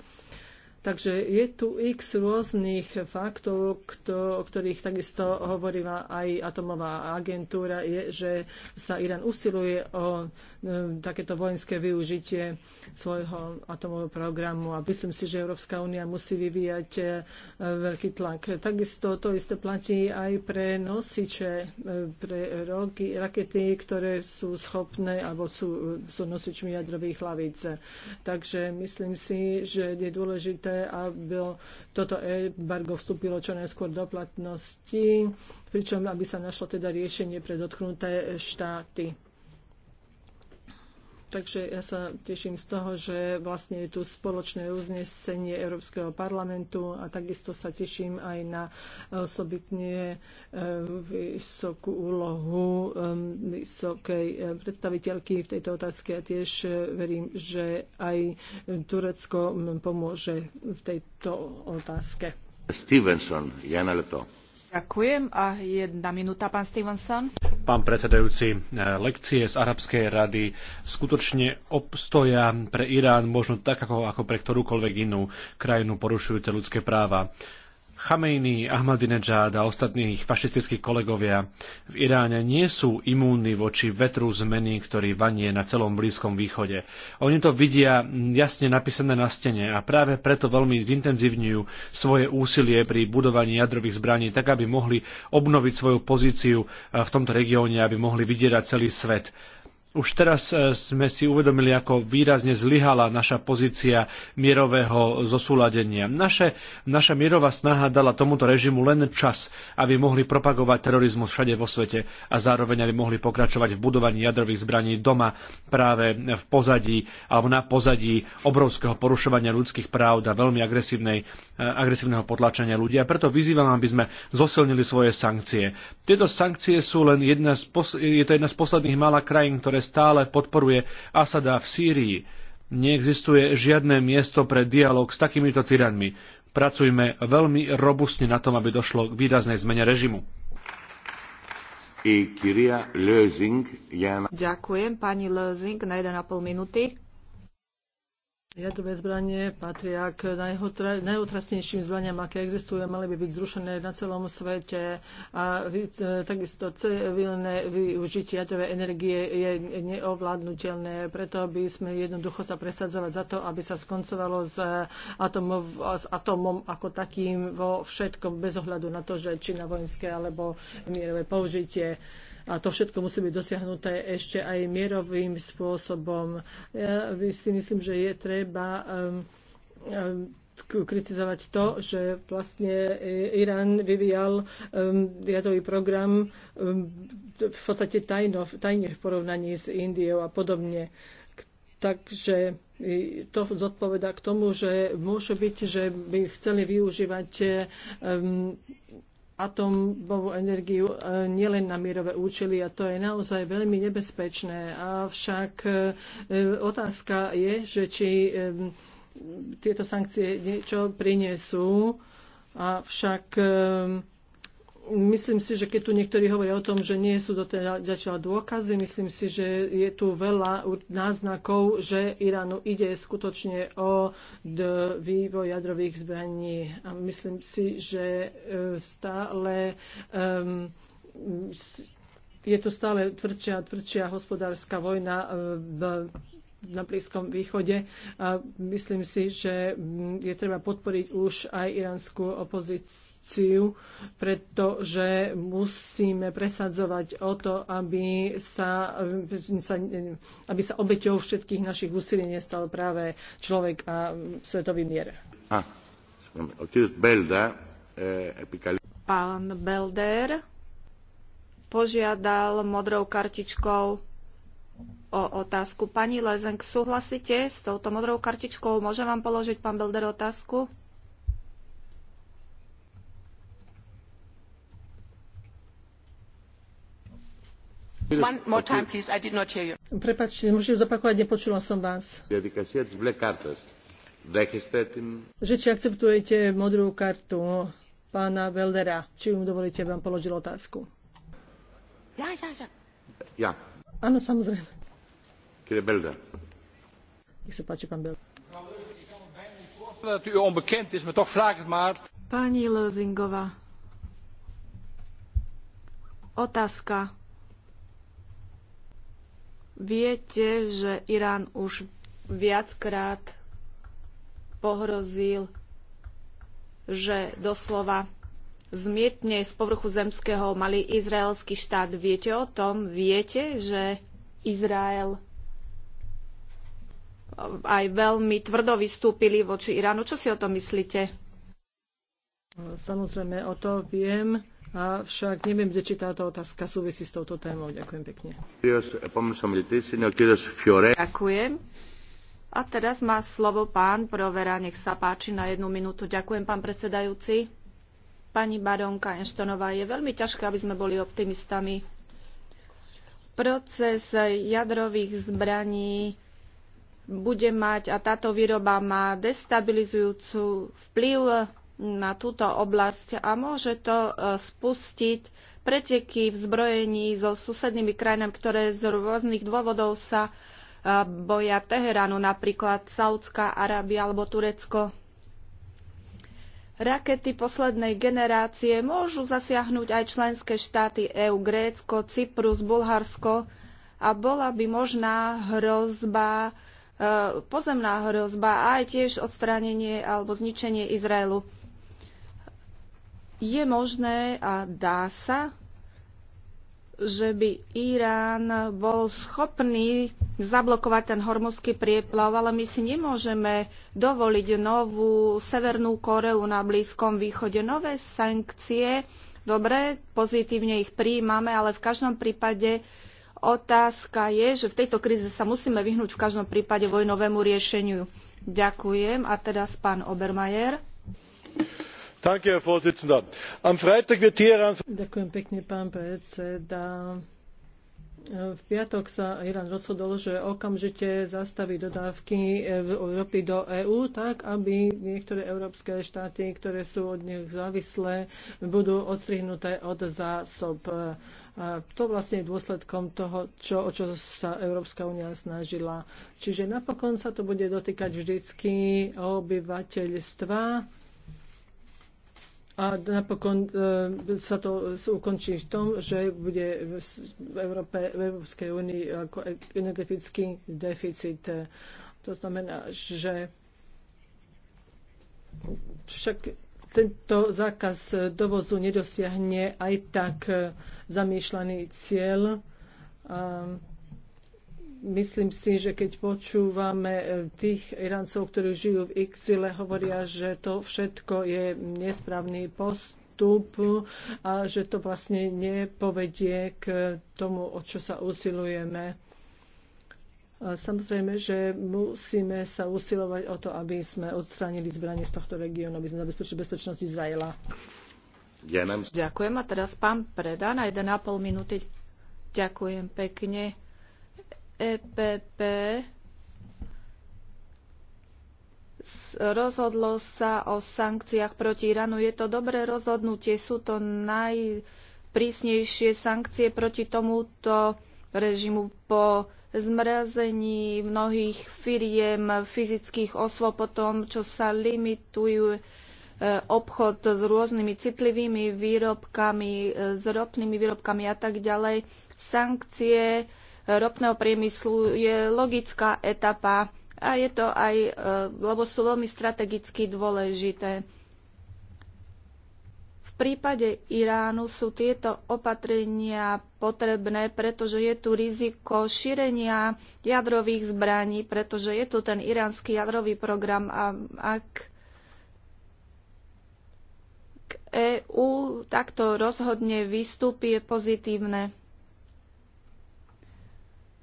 Takže je tu x rôznych faktov, kto, o ktorých takisto hovorila aj atomová agentúra, je, že sa Irán usiluje o e, takéto vojenské využitie svojho atomového programu a myslím si, že Európska únia musí vyvíjať e, veľký tlak. Takisto to isté platí aj pre nosiče, e, pre roky, rakety, ktoré sú schopné alebo sú, sú nosičmi jadrových hlavíc. Takže myslím si, že je dôležité a aby toto embargo vstúpilo čo najskôr do platnosti, pričom aby sa našlo teda riešenie pre dotknuté štáty. Takže ja sa teším z toho, že vlastne je tu spoločné uznesenie Európskeho parlamentu a takisto sa teším aj na osobitne e, vysokú úlohu e, vysokej e, predstaviteľky v tejto otázke a tiež verím, že aj Turecko pomôže v tejto otázke. Stevenson, Jana Leto. Ďakujem a jedna minúta, pán Stevenson. Pán predsedajúci, eh, lekcie z Arabskej rady skutočne obstoja pre Irán možno tak, ako, ako pre ktorúkoľvek inú krajinu porušujúce ľudské práva Chamejny, Ahmadinejad a ostatných fašistických kolegovia v Iráne nie sú imúnni voči vetru zmeny, ktorý vanie na celom Blízkom východe. Oni to vidia jasne napísané na stene a práve preto veľmi zintenzívňujú svoje úsilie pri budovaní jadrových zbraní, tak aby mohli obnoviť svoju pozíciu eh, v tomto regióne, aby mohli vydierať celý svet už teraz e, sme si uvedomili, ako výrazne zlyhala naša pozícia mierového zosúladenia. Naše, naša mierová snaha dala tomuto režimu len čas, aby mohli propagovať terorizmus všade vo svete a zároveň aby mohli pokračovať v budovaní jadrových zbraní doma práve v pozadí alebo na pozadí obrovského porušovania ľudských práv a veľmi e, agresívneho potlačenia ľudí. A preto vyzývam, aby sme zosilnili svoje sankcie. Tieto sankcie sú len jedna z, je to jedna z posledných malá krajín, ktoré stále podporuje Asada v Sýrii. Neexistuje žiadne miesto pre dialog s takýmito tyranmi. Pracujme veľmi robustne na tom, aby došlo k výraznej zmene režimu. Ďakujem pani Lözing na 1,5 minúty. Jadrové zbranie patria k najotrasnejším zbraniam, aké existujú a mali by byť zrušené na celom svete. A e, takisto civilné využitie jadrovej energie je neovládnutelné. Preto by sme jednoducho sa presadzovať za to, aby sa skoncovalo s, atomov, s atomom ako takým vo všetkom, bez ohľadu na to, že či na vojenské alebo mierové použitie. A to všetko musí byť dosiahnuté ešte aj mierovým spôsobom. Ja si myslím, že je treba um, um, kritizovať to, že vlastne e, Irán vyvíjal um, jadrový program um, v podstate tajno, tajne v porovnaní s Indiou a podobne. Takže e, to zodpoveda k tomu, že môže byť, že by chceli využívať um, atomovú energiu e, nielen na mierové účely a to je naozaj veľmi nebezpečné. Avšak e, otázka je, že či e, tieto sankcie niečo prinesú, avšak Myslím si, že keď tu niektorí hovoria o tom, že nie sú do dotedačia dôkazy, myslím si, že je tu veľa náznakov, že Iránu ide skutočne o vývoj jadrových zbraní. A myslím si, že e, stále um, je to stále tvrdšia a tvrdšia hospodárska vojna e, v na Blízkom východe. A myslím si, že mm, je treba podporiť už aj iránsku opozíciu korupciu, pretože musíme presadzovať o to, aby sa, aby sa obeťou všetkých našich úsilí nestal práve človek a svetový mier. Ah, eh, pán Belder požiadal modrou kartičkou o otázku. Pani Lezenk, súhlasíte s touto modrou kartičkou? Môžem vám položiť, pán Belder, otázku? Prepačte, môžete zopakovať, nepočula som vás. Že či akceptujete modrú kartu pána Veldera, či mu dovolíte, aby vám položil otázku. Ja, ja, ja. Ja. Áno, samozrejme. Kýre Belda? Nech sa páči, pán Belda. Pani Lozingová, otázka Viete, že Irán už viackrát pohrozil, že doslova zmietne z povrchu zemského malý izraelský štát. Viete o tom? Viete, že Izrael aj veľmi tvrdo vystúpili voči Iránu. Čo si o tom myslíte? Samozrejme, o to viem Avšak neviem, či táto otázka súvisí s touto témou. Ďakujem pekne. Ďakujem. A teraz má slovo pán Provera, nech sa páči na jednu minútu. Ďakujem, pán predsedajúci. Pani baronka Enštonová, je veľmi ťažké, aby sme boli optimistami. Proces jadrových zbraní bude mať a táto výroba má destabilizujúcu vplyv na túto oblasť a môže to e, spustiť preteky v zbrojení so susednými krajinami, ktoré z rôznych dôvodov sa e, boja Teheránu, napríklad Saudská Arábia alebo Turecko. Rakety poslednej generácie môžu zasiahnuť aj členské štáty EÚ, Grécko, Cyprus, Bulharsko a bola by možná hrozba, e, pozemná hrozba a aj tiež odstránenie alebo zničenie Izraelu je možné a dá sa, že by Irán bol schopný zablokovať ten hormonský prieplav, ale my si nemôžeme dovoliť novú Severnú Koreu na Blízkom východe. Nové sankcie, dobre, pozitívne ich príjmame, ale v každom prípade otázka je, že v tejto kríze sa musíme vyhnúť v každom prípade vojnovému riešeniu. Ďakujem. A teraz pán Obermajer herr präsident! am freitag wird teheran. ďakujem pekne pán predseda. V piatok sa Irán rozhodol, že okamžite zastaví dodávky ropy do EÚ, tak aby niektoré európske štáty, ktoré sú od nich závislé, budú odstrihnuté od zásob. A to vlastne je dôsledkom toho, čo, o čo sa Európska únia snažila. Čiže napokon sa to bude dotýkať vždycky obyvateľstva a napokon e, sa to ukončí v tom, že bude v, Európe, v Európskej únii ako energetický deficit. To znamená, že však tento zákaz dovozu nedosiahne aj tak zamýšľaný cieľ. A, Myslím si, že keď počúvame e, tých Irancov, ktorí žijú v exile, hovoria, že to všetko je nesprávny postup a že to vlastne nepovedie k tomu, o čo sa usilujeme. A samozrejme, že musíme sa usilovať o to, aby sme odstránili zbranie z tohto regiónu, aby sme zabezpečili bezpečnosť Izraela. Ja Ďakujem a teraz pán Preda na 1,5 minúty. Ďakujem pekne. EPP rozhodlo sa o sankciách proti Iránu. Je to dobré rozhodnutie, sú to najprísnejšie sankcie proti tomuto režimu po zmrazení mnohých firiem, fyzických osôb, po tom, čo sa limitujú e, obchod s rôznymi citlivými výrobkami, s e, ropnými výrobkami a tak ďalej. Sankcie ropného priemyslu je logická etapa a je to aj, e, lebo sú veľmi strategicky dôležité. V prípade Iránu sú tieto opatrenia potrebné, pretože je tu riziko šírenia jadrových zbraní, pretože je tu ten iránsky jadrový program a ak EÚ takto rozhodne vystúpi, je pozitívne.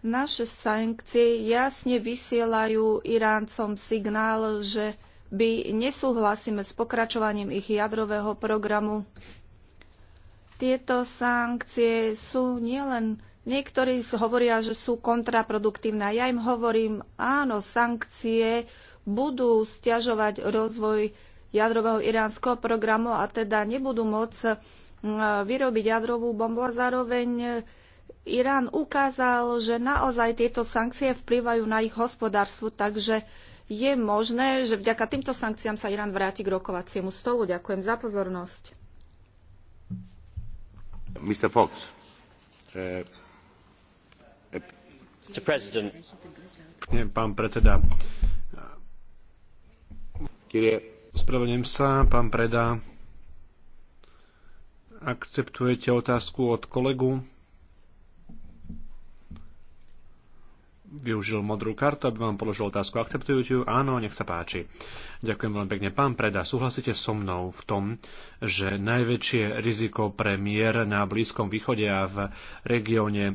Naše sankcie jasne vysielajú Iráncom signál, že by nesúhlasíme s pokračovaním ich jadrového programu. Tieto sankcie sú nielen Niektorí hovoria, že sú kontraproduktívne. Ja im hovorím, áno, sankcie budú stiažovať rozvoj jadrového iránskeho programu a teda nebudú môcť mm, vyrobiť jadrovú bombu a zároveň Irán ukázal, že naozaj tieto sankcie vplývajú na ich hospodárstvo, takže je možné, že vďaka týmto sankciám sa Irán vráti k rokovaciemu stolu. Ďakujem za pozornosť. Mr. Fox. Uh, Mr. President. Nie, pán predseda. Kyrie. Spravedlňujem sa, pán Preda. Akceptujete otázku od kolegu? využil modrú kartu, aby vám položil otázku. Akceptujete ju? Áno, nech sa páči. Ďakujem veľmi pekne. Pán Preda, súhlasíte so mnou v tom, že najväčšie riziko pre mier na Blízkom východe a v regióne e,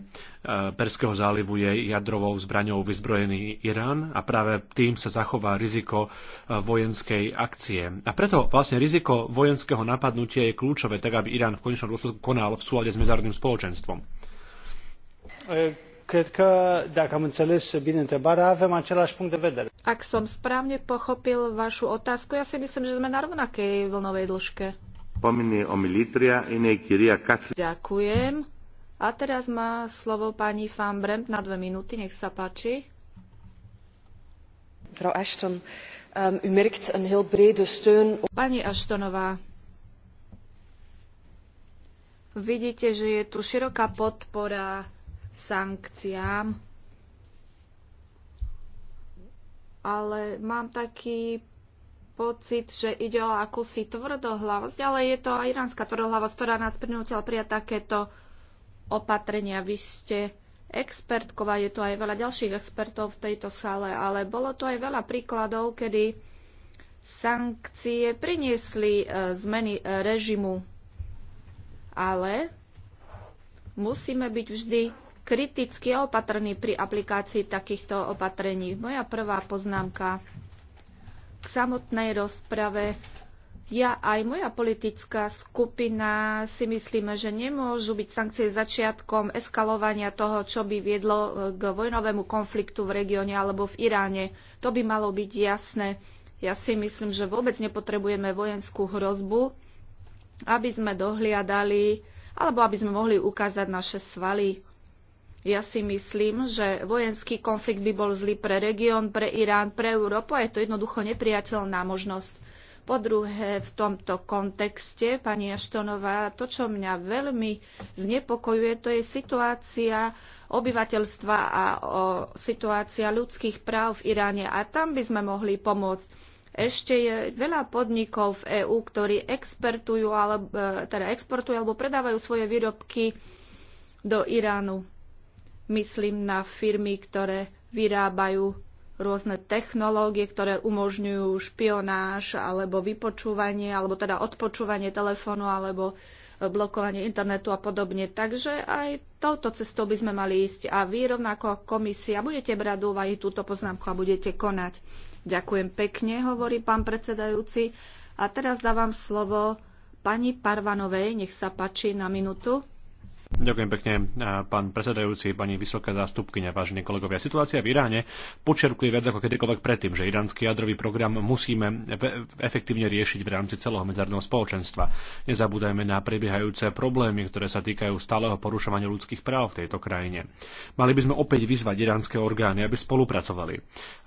Perského zálivu je jadrovou zbraňou vyzbrojený Irán a práve tým sa zachová riziko e, vojenskej akcie. A preto vlastne riziko vojenského napadnutia je kľúčové, tak aby Irán v konečnom dôsledku konal v súlade s medzárodným spoločenstvom. E Cred că, dacă am înțeles bine întrebarea, avem același punct de vedere. Ak som správne pochopil vašu otázku, ja si myslím, že sme na rovnakej vlnovej dĺžke. Ďakujem. A teraz má slovo pani Fan Brent na dve minúty, nech sa páči. Ashton, um, u merkt een heel brede steun. Pani Ashtonová, vidíte, že je tu široká podpora sankciám, ale mám taký pocit, že ide o akúsi tvrdohlavosť, ale je to aj iránska tvrdohlavosť, ktorá nás prinútila prijať takéto opatrenia. Vy ste expertkova, je tu aj veľa ďalších expertov v tejto sále, ale bolo tu aj veľa príkladov, kedy sankcie priniesli e, zmeny e, režimu. Ale musíme byť vždy kriticky opatrní pri aplikácii takýchto opatrení. Moja prvá poznámka k samotnej rozprave. Ja aj moja politická skupina si myslíme, že nemôžu byť sankcie začiatkom eskalovania toho, čo by viedlo e, k vojnovému konfliktu v regióne alebo v Iráne. To by malo byť jasné. Ja si myslím, že vôbec nepotrebujeme vojenskú hrozbu, aby sme dohliadali alebo aby sme mohli ukázať naše svaly ja si myslím, že vojenský konflikt by bol zlý pre región, pre Irán, pre Európu a je to jednoducho nepriateľná možnosť. Po druhé, v tomto kontexte, pani Aštonová, to, čo mňa veľmi znepokojuje, to je situácia obyvateľstva a o, situácia ľudských práv v Iráne. A tam by sme mohli pomôcť. Ešte je veľa podnikov v EÚ, ktorí exportujú alebo, e, teda exportujú alebo predávajú svoje výrobky do Iránu. Myslím na firmy, ktoré vyrábajú rôzne technológie, ktoré umožňujú špionáž alebo vypočúvanie, alebo teda odpočúvanie telefónu alebo e, blokovanie internetu a podobne. Takže aj touto cestou by sme mali ísť a vy rovnako komisia budete brať do úvahy túto poznámku a budete konať. Ďakujem pekne, hovorí pán predsedajúci. A teraz dávam slovo pani Parvanovej, nech sa páči na minutu. Ďakujem pekne, pán predsedajúci, pani vysoká zástupkynia, vážení kolegovia. Situácia v Iráne počerkuje viac ako kedykoľvek predtým, že iránsky jadrový program musíme efektívne riešiť v rámci celého medzárodného spoločenstva. Nezabúdajme na prebiehajúce problémy, ktoré sa týkajú stáleho porušovania ľudských práv v tejto krajine. Mali by sme opäť vyzvať iránske orgány, aby spolupracovali.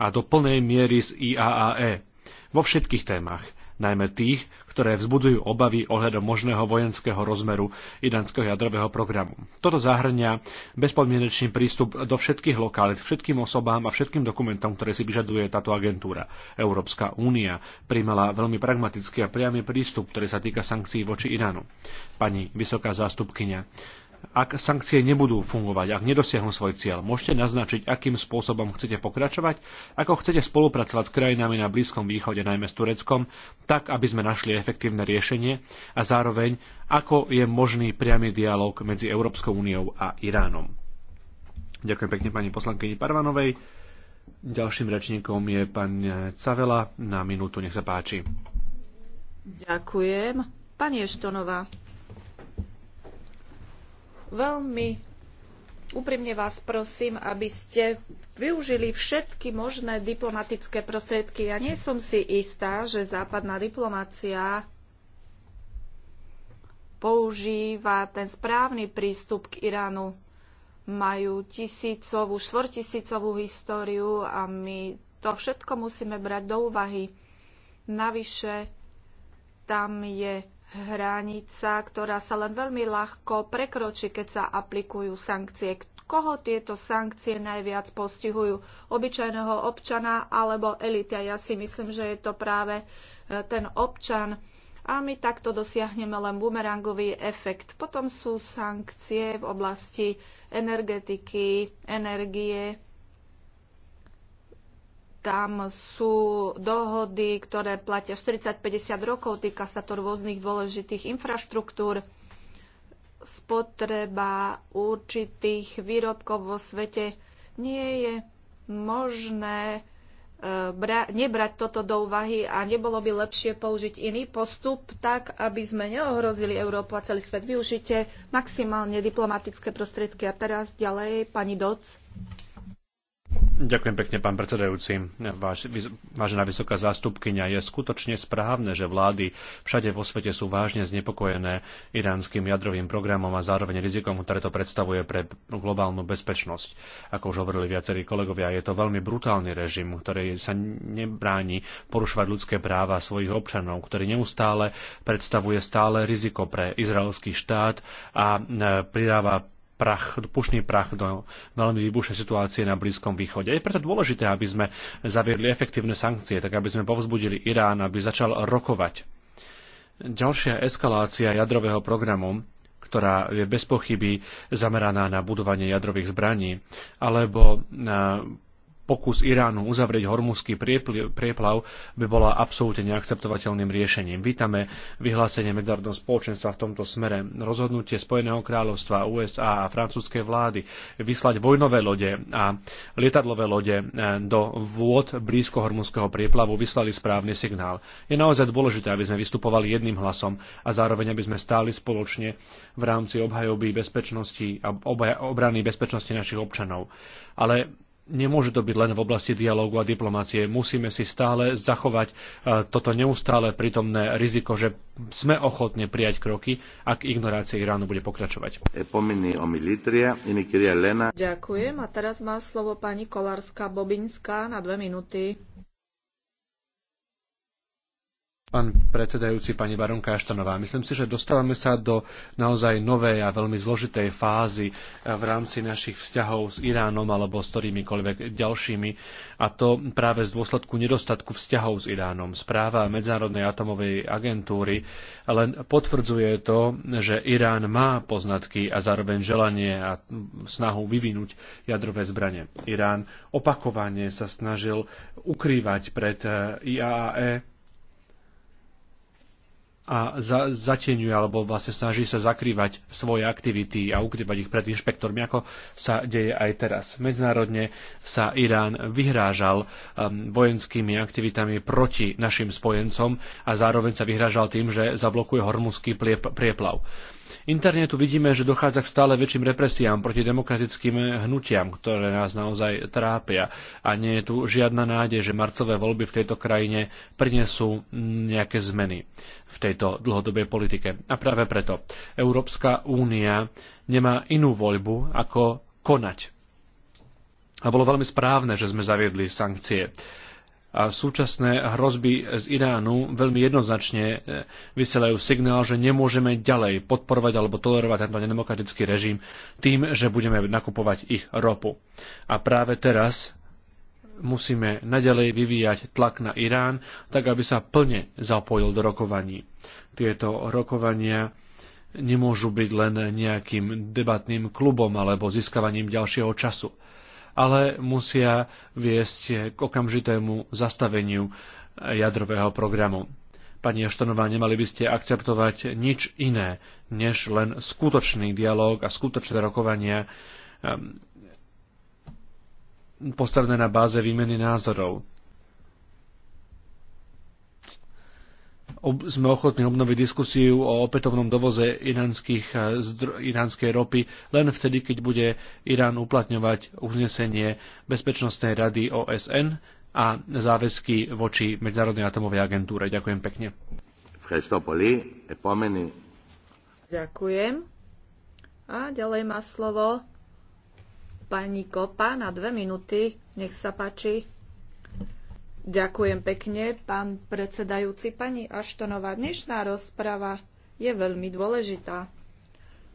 A do plnej miery s IAAE. Vo všetkých témach najmä tých, ktoré vzbudzujú obavy ohľadom možného vojenského rozmeru iránskeho jadrového programu. Toto zahrňa bezpodmienečný prístup do všetkých lokálit, všetkým osobám a všetkým dokumentom, ktoré si vyžaduje táto agentúra. Európska únia primala veľmi pragmatický a priamy prístup, ktorý sa týka sankcií voči Iránu. Pani vysoká zástupkynia, ak sankcie nebudú fungovať, ak nedosiahnu svoj cieľ, môžete naznačiť, akým spôsobom chcete pokračovať, ako chcete spolupracovať s krajinami na Blízkom východe, najmä s Tureckom, tak, aby sme našli efektívne riešenie a zároveň, ako je možný priamy dialog medzi Európskou úniou a Iránom. Ďakujem pekne pani poslankyni Parvanovej. Ďalším rečníkom je pán Cavela na minútu, nech sa páči. Ďakujem. Pani Eštonová. Veľmi úprimne vás prosím, aby ste využili všetky možné diplomatické prostriedky. Ja nie som si istá, že západná diplomácia používa ten správny prístup k Iránu. Majú tisícovú, štvortisícovú históriu a my to všetko musíme brať do úvahy. Navyše tam je hranica, ktorá sa len veľmi ľahko prekročí, keď sa aplikujú sankcie. Koho tieto sankcie najviac postihujú? Obyčajného občana alebo elity? A ja si myslím, že je to práve e, ten občan. A my takto dosiahneme len bumerangový efekt. Potom sú sankcie v oblasti energetiky, energie, tam sú dohody, ktoré platia 40-50 rokov, týka sa to rôznych dôležitých infraštruktúr. Spotreba určitých výrobkov vo svete nie je možné e, bra- nebrať toto do úvahy a nebolo by lepšie použiť iný postup tak, aby sme neohrozili Európu a celý svet. Využite maximálne diplomatické prostriedky. A teraz ďalej, pani Doc. Ďakujem pekne, pán predsedajúci. Váž, vážená vysoká zástupkynia, je skutočne správne, že vlády všade vo svete sú vážne znepokojené iránskym jadrovým programom a zároveň rizikom, ktoré to predstavuje pre globálnu bezpečnosť. Ako už hovorili viacerí kolegovia, je to veľmi brutálny režim, ktorý sa nebráni porušovať ľudské práva svojich občanov, ktorý neustále predstavuje stále riziko pre izraelský štát a e, pridáva prach, pušný prach do veľmi vybušnej situácie na Blízkom východe. Je preto dôležité, aby sme zaviedli efektívne sankcie, tak aby sme povzbudili Irán, aby začal rokovať. Ďalšia eskalácia jadrového programu ktorá je bez pochyby zameraná na budovanie jadrových zbraní, alebo na pokus Iránu uzavrieť hormuzský prieplav by bola absolútne neakceptovateľným riešením. Vítame vyhlásenie medzinárodného spoločenstva v tomto smere. Rozhodnutie Spojeného kráľovstva, USA a francúzskej vlády vyslať vojnové lode a lietadlové lode e, do vôd blízko hormuzského prieplavu vyslali správny signál. Je naozaj dôležité, aby sme vystupovali jedným hlasom a zároveň, aby sme stáli spoločne v rámci obhajoby bezpečnosti a obrany bezpečnosti našich občanov. Ale nemôže to byť len v oblasti dialógu a diplomácie. Musíme si stále zachovať e, toto neustále prítomné riziko, že sme ochotní prijať kroky, ak ignorácia Iránu bude pokračovať. Ďakujem a teraz má slovo pani Kolárska Bobinská na dve minúty. Pán predsedajúci, pani baronka Aštanová, myslím si, že dostávame sa do naozaj novej a veľmi zložitej fázy eh, v rámci našich vzťahov s Iránom alebo s ktorýmikoľvek ďalšími a to práve z dôsledku nedostatku vzťahov s Iránom. Správa Medzinárodnej atomovej agentúry len potvrdzuje to, že Irán má poznatky a zároveň želanie a snahu vyvinúť jadrové zbranie. Irán opakovane sa snažil ukrývať pred eh, IAE a za, zateňuje alebo vlastne snaží sa zakrývať svoje aktivity a ukrývať ich pred inšpektormi, ako sa deje aj teraz. Medzinárodne sa Irán vyhrážal um, vojenskými aktivitami proti našim spojencom a zároveň sa vyhrážal tým, že zablokuje hormuzský prieplav. Interne tu vidíme, že dochádza k stále väčším represiám proti demokratickým hnutiam, ktoré nás naozaj trápia. A nie je tu žiadna nádej, že marcové voľby v tejto krajine prinesú nejaké zmeny v tejto dlhodobej politike. A práve preto Európska únia nemá inú voľbu, ako konať. A bolo veľmi správne, že sme zaviedli sankcie súčasné hrozby z Iránu veľmi jednoznačne e, vysielajú signál, že nemôžeme ďalej podporovať alebo tolerovať tento nedemokratický režim tým, že budeme nakupovať ich ropu. A práve teraz musíme nadalej vyvíjať tlak na Irán, tak aby sa plne zapojil do rokovaní. Tieto rokovania nemôžu byť len nejakým debatným klubom alebo získavaním ďalšieho času ale musia viesť k okamžitému zastaveniu jadrového programu. Pani Eštonová, nemali by ste akceptovať nič iné, než len skutočný dialog a skutočné rokovania um, postavené na báze výmeny názorov. sme ochotní obnoviť diskusiu o opätovnom dovoze eh, iránskej ropy len vtedy, keď bude Irán uplatňovať uznesenie Bezpečnostnej rady OSN a záväzky voči Medzinárodnej atomovej agentúre. Ďakujem pekne. Ďakujem. A ďalej má slovo pani Kopa na dve minúty. Nech sa páči. Ďakujem pekne, pán predsedajúci. Pani Aštonová, dnešná rozprava je veľmi dôležitá.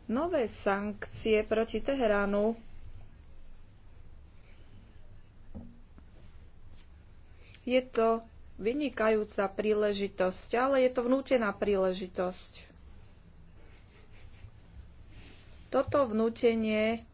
Nové sankcie proti Teheránu je to vynikajúca príležitosť, ale je to vnútená príležitosť. Toto vnútenie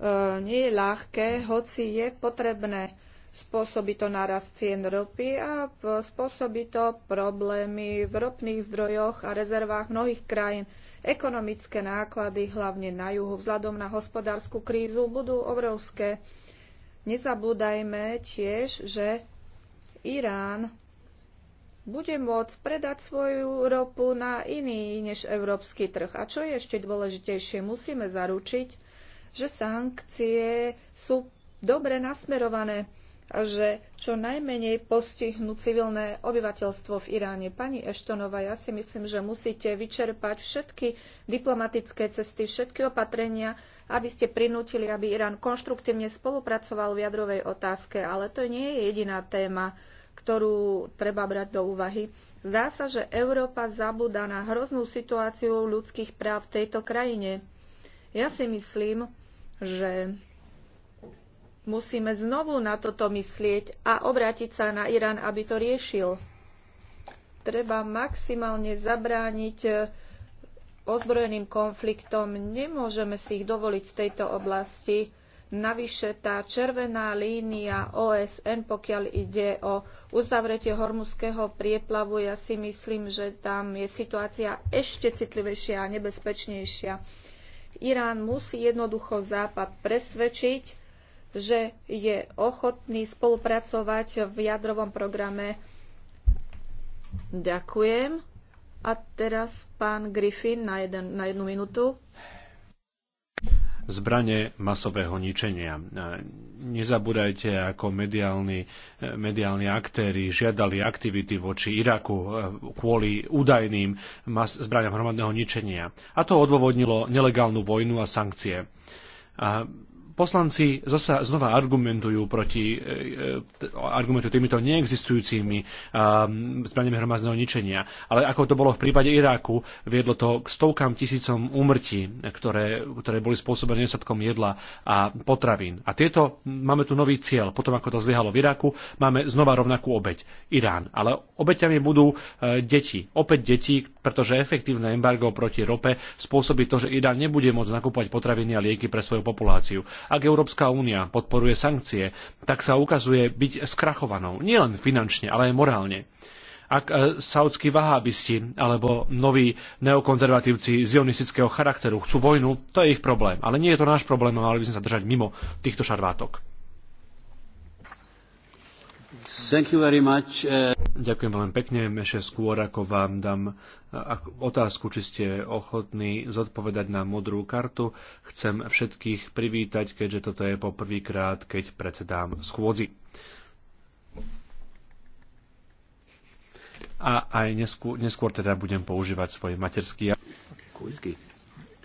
E, nie je ľahké, hoci je potrebné. spôsobiť to naraz cien ropy a spôsobiť to problémy v ropných zdrojoch a rezervách mnohých krajín. Ekonomické náklady, hlavne na juhu, vzhľadom na hospodárskú krízu, budú obrovské. Nezabúdajme tiež, že Irán bude môcť predať svoju ropu na iný než európsky trh. A čo je ešte dôležitejšie, musíme zaručiť, že sankcie sú dobre nasmerované a že čo najmenej postihnú civilné obyvateľstvo v Iráne. Pani Eštonová, ja si myslím, že musíte vyčerpať všetky diplomatické cesty, všetky opatrenia, aby ste prinútili, aby Irán konštruktívne spolupracoval v jadrovej otázke, ale to nie je jediná téma, ktorú treba brať do úvahy. Zdá sa, že Európa zabúda na hroznú situáciu ľudských práv v tejto krajine. Ja si myslím, že musíme znovu na toto myslieť a obrátiť sa na Irán, aby to riešil. Treba maximálne zabrániť eh, ozbrojeným konfliktom. Nemôžeme si ich dovoliť v tejto oblasti. Navyše tá červená línia OSN, pokiaľ ide o uzavretie hormuzského prieplavu, ja si myslím, že tam je situácia ešte citlivejšia a nebezpečnejšia. Irán musí jednoducho Západ presvedčiť, že je ochotný spolupracovať v jadrovom programe. Ďakujem. A teraz pán Griffin na, jeden, na jednu minútu zbranie masového ničenia. Nezabúdajte, ako mediálni, mediálni aktéry žiadali aktivity voči Iraku eh, kvôli údajným zbraniam hromadného ničenia. A to odôvodnilo nelegálnu vojnu a sankcie. A poslanci zasa znova argumentujú proti e, e, argumentujú týmito neexistujúcimi e, zbraniami hromadného ničenia. Ale ako to bolo v prípade Iráku, viedlo to k stovkám tisícom úmrtí, ktoré, ktoré boli spôsobené nesadkom jedla a potravín. A tieto, máme tu nový cieľ. Potom, ako to zlyhalo v Iráku, máme znova rovnakú obeď. Irán. Ale obeťami budú deti. Opäť deti, pretože efektívne embargo proti rope spôsobí to, že Irán nebude môcť nakúpať potraviny a lieky pre svoju populáciu. Ak Európska únia podporuje sankcie, tak sa ukazuje byť skrachovanou, nielen finančne, ale aj morálne ak e, saudskí vahábisti alebo noví neokonzervatívci zionistického charakteru chcú vojnu, to je ich problém. Ale nie je to náš problém a mali by sme sa držať mimo týchto šarvátok. Thank you very much. Uh, Ďakujem veľmi pekne. Ešte skôr, ako vám dám otázku, či ste ochotní zodpovedať na modrú kartu, chcem všetkých privítať, keďže toto je poprvýkrát, keď predsedám schôdzi. A aj neskôr, neskôr teda budem používať svoj materský jazyk. Okay.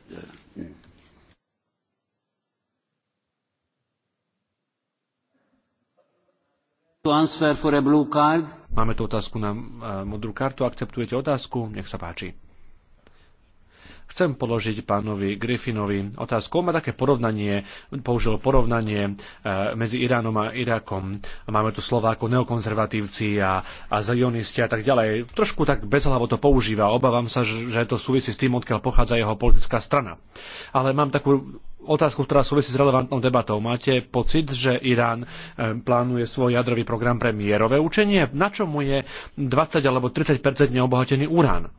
Uh, Máme tu otázku na eh, modrú kartu. Akceptujete otázku? Nech sa páči. Chcem položiť pánovi Griffinovi otázku. On má také porovnanie, použil porovnanie e, medzi Iránom a Irakom. Máme tu slova ako neokonzervatívci a, a zionisti a tak ďalej. Trošku tak bezhlavo to používa. Obávam sa, že to súvisí s tým, odkiaľ pochádza jeho politická strana. Ale mám takú otázku, ktorá súvisí s relevantnou debatou. Máte pocit, že Irán e, plánuje svoj jadrový program pre mierové učenie? Na čo mu je 20 alebo 30 neobohatený urán?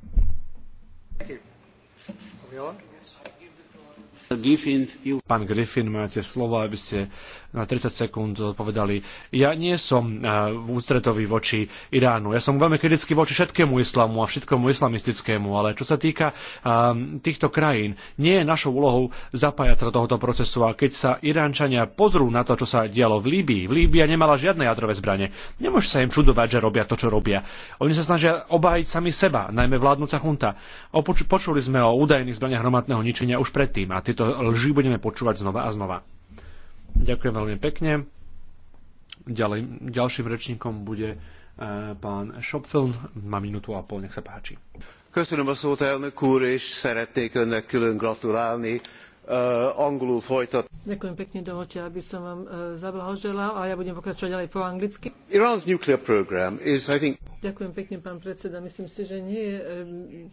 Pán Griffin, máte slovo, aby ste na 30 sekúnd odpovedali. Ja nie som eh, ústretový voči Iránu. Ja som veľmi kritický voči všetkému islamu a všetkému islamistickému, ale čo sa týka eh, týchto krajín, nie je našou úlohou zapájať sa do tohoto procesu. A keď sa Iránčania pozrú na to, čo sa dialo v Líbii, v Líbia nemala žiadne jadrové zbranie. Nemôže sa im čudovať, že robia to, čo robia. Oni sa snažia obájiť sami seba, najmä vládnúca chunta. Opoč- počuli sme o údajných zbraniach hromadného ničenia už predtým. A tieto lži budeme počúvať znova a znova. Ďakujem veľmi pekne. Ďalej, ďalším rečníkom bude uh, pán Schopfel. Má minútu a pol, nech sa páči. Köszönöm a szót, elnök úr, és szeretnék önnek külön gratulálni. Uh, angolul folytat. Ďakujem pekne, dovolte, aby som vám uh, zablahoželal a ja budem pokračovať ďalej po anglicky. Iran's nuclear program is, I think... Ďakujem pekne, pán predseda. Myslím si, že nie je um,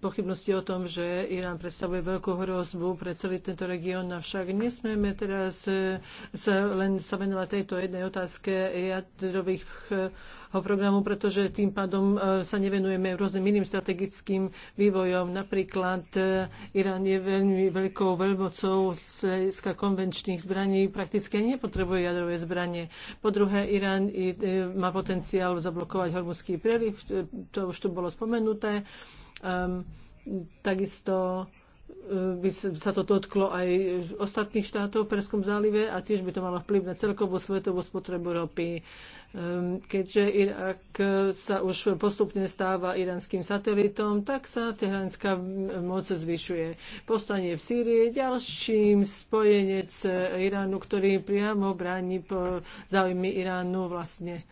pochybnosti o tom, že Irán predstavuje veľkú hrozbu pre celý tento región, avšak nesmieme teraz e, sa len sa venovať tejto jednej otázke jadrových e, programu, pretože tým pádom e, sa nevenujeme rôznym iným strategickým vývojom. Napríklad Irán je veľmi veľkou veľmocou z hľadiska konvenčných zbraní, prakticky nepotrebuje jadrové zbranie. Po druhé, Irán má potenciál zablokovať hormuzský preliv, to už tu bolo spomenuté. Um, takisto e, by sa to dotklo aj ostatných štátov v Perskom zálive a tiež by to malo vplyv na celkovú svetovú spotrebu ropy. Ehm, keďže Irak sa už postupne stáva iránským satelitom, tak sa teheránska moc zvyšuje. Postanie v Sýrii ďalším spojenec Iránu, ktorý priamo bráni záujmy Iránu vlastne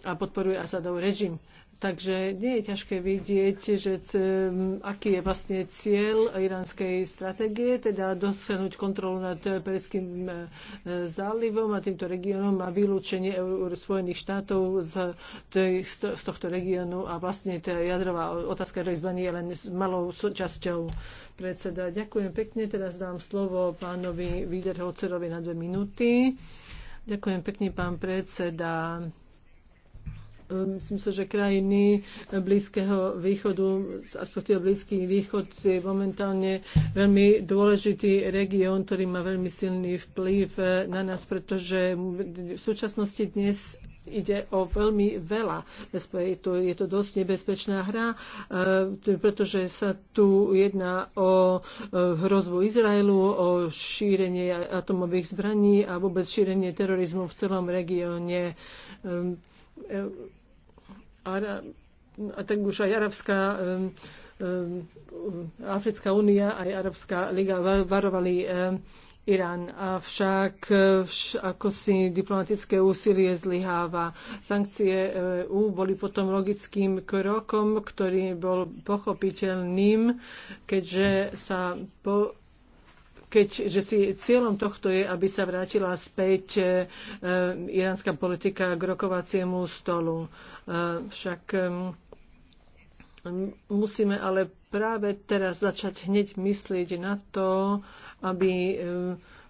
a podporuje Asadov režim. Takže nie je ťažké vidieť, že aký je vlastne cieľ iránskej stratégie, teda dosiahnuť kontrolu nad Perským zálivom a týmto regiónom a vylúčenie Spojených štátov z, z tohto regiónu a vlastne tá jadrová otázka rozbaní je len s malou súčasťou predseda. Ďakujem pekne, teraz dám slovo pánovi Víderhocerovi na dve minúty. Ďakujem pekne, pán predseda myslím si, že krajiny Blízkeho východu, respektíve Blízky východ je momentálne veľmi dôležitý región, ktorý má veľmi silný vplyv na nás, pretože v súčasnosti dnes ide o veľmi veľa. Je to dosť nebezpečná hra, e, pretože sa tu jedná o e, hrozbu Izraelu, o šírenie atomových zbraní a vôbec šírenie terorizmu v celom regióne. E, Ara, a tak už aj Arabská um, um, Africká únia, aj Arabská liga varovali um, Irán. Avšak, e, ako si diplomatické úsilie zlyháva, sankcie EU boli potom logickým krokom, ktorý bol pochopiteľným, keďže sa po keď, že si cieľom tohto je, aby sa vrátila späť e, e iránska politika k rokovaciemu stolu. E, však e, musíme ale práve teraz začať hneď myslieť na to, aby e,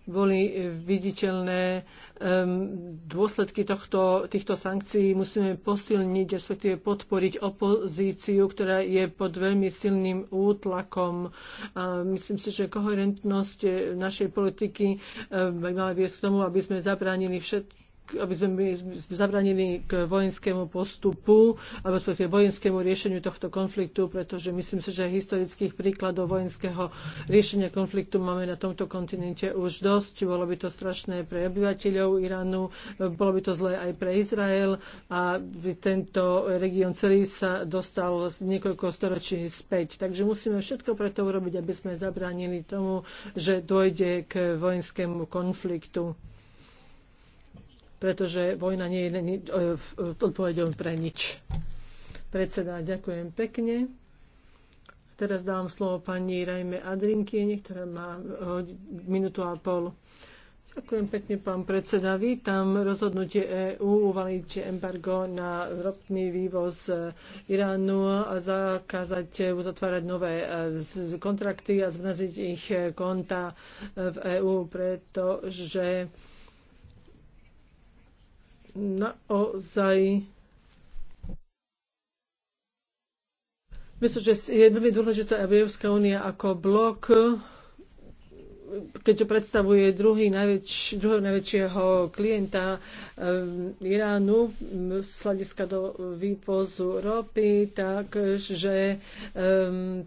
boli viditeľné e, Ehm, dôsledky tohto, týchto sankcií musíme posilniť, respektíve podporiť opozíciu, ktorá je pod veľmi silným útlakom. A myslím si, že koherentnosť našej politiky ehm, by mala viesť k tomu, aby sme zabránili všetko aby sme zabranili k vojenskému postupu alebo respektíve vojenskému riešeniu tohto konfliktu, pretože myslím si, že historických príkladov vojenského riešenia konfliktu máme na tomto kontinente už dosť. Bolo by to strašné pre obyvateľov Iránu, bolo by to zlé aj pre Izrael a tento región celý sa dostal z niekoľko storočí späť. Takže musíme všetko preto urobiť, aby sme zabránili tomu, že dojde k vojenskému konfliktu pretože vojna nie je e, odpovedom pre nič. Predseda, ďakujem pekne. Teraz dávam slovo pani Rajme Adrinkiene, ktorá má e, minútu a pol. Ďakujem pekne, pán predseda. Vítam rozhodnutie EÚ uvaliť embargo na ropný vývoz Iránu a zakázať uzatvárať nové e, kontrakty a zmraziť ich konta v EÚ, pretože naozaj Myslím, že je veľmi dôležité, aby Európska únia ako blok keďže predstavuje druhý najväč, druhého najväčšieho klienta eh, Iránu z hľadiska do vývozu ropy, že um, eh,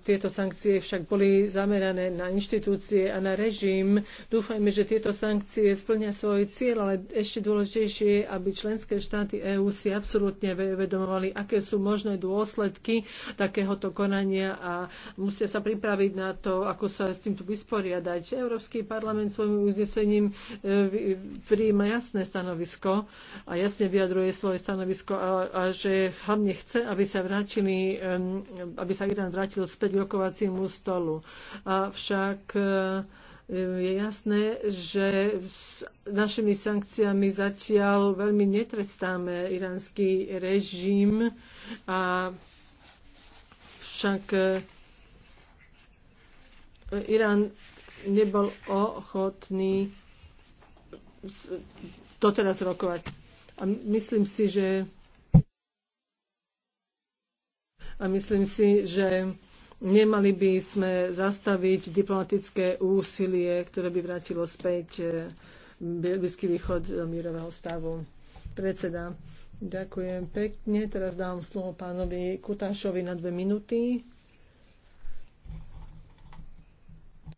tieto sankcie však boli zamerané na inštitúcie a na režim. Dúfajme, že tieto sankcie splňa svoj cieľ, ale ešte dôležitejšie je, aby členské štáty EÚ si absolútne vedomovali, aké sú možné dôsledky takéhoto konania a musia sa pripraviť na to, ako sa s týmto vysporiadať. Euró Európsky parlament svojim uznesením e, prijíma jasné stanovisko a jasne vyjadruje svoje stanovisko a, a že hlavne chce, aby sa vrátili, aby sa Irán vrátil späť rokovaciemu stolu. Avšak e, je jasné, že s našimi sankciami zatiaľ veľmi netrestáme iránsky režim a však e, Irán nebol ochotný to teraz rokovať. A myslím si, že a myslím si, že nemali by sme zastaviť diplomatické úsilie, ktoré by vrátilo späť e, Blízky východ do mírového stavu. Predseda, ďakujem pekne. Teraz dám slovo pánovi Kutášovi na dve minúty.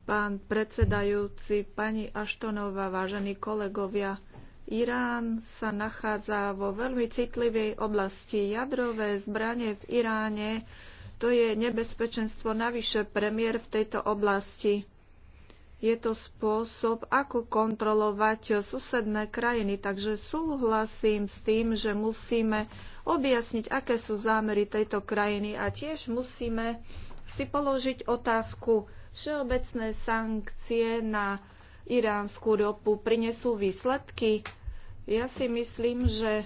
Pán predsedajúci, pani Aštonová, vážení kolegovia, Irán sa nachádza vo veľmi citlivej oblasti. Jadrové zbranie v Iráne to je nebezpečenstvo navyše premiér v tejto oblasti. Je to spôsob, ako kontrolovať susedné krajiny, takže súhlasím s tým, že musíme objasniť, aké sú zámery tejto krajiny a tiež musíme si položiť otázku, všeobecné sankcie na iránsku ropu prinesú výsledky? Ja si myslím, že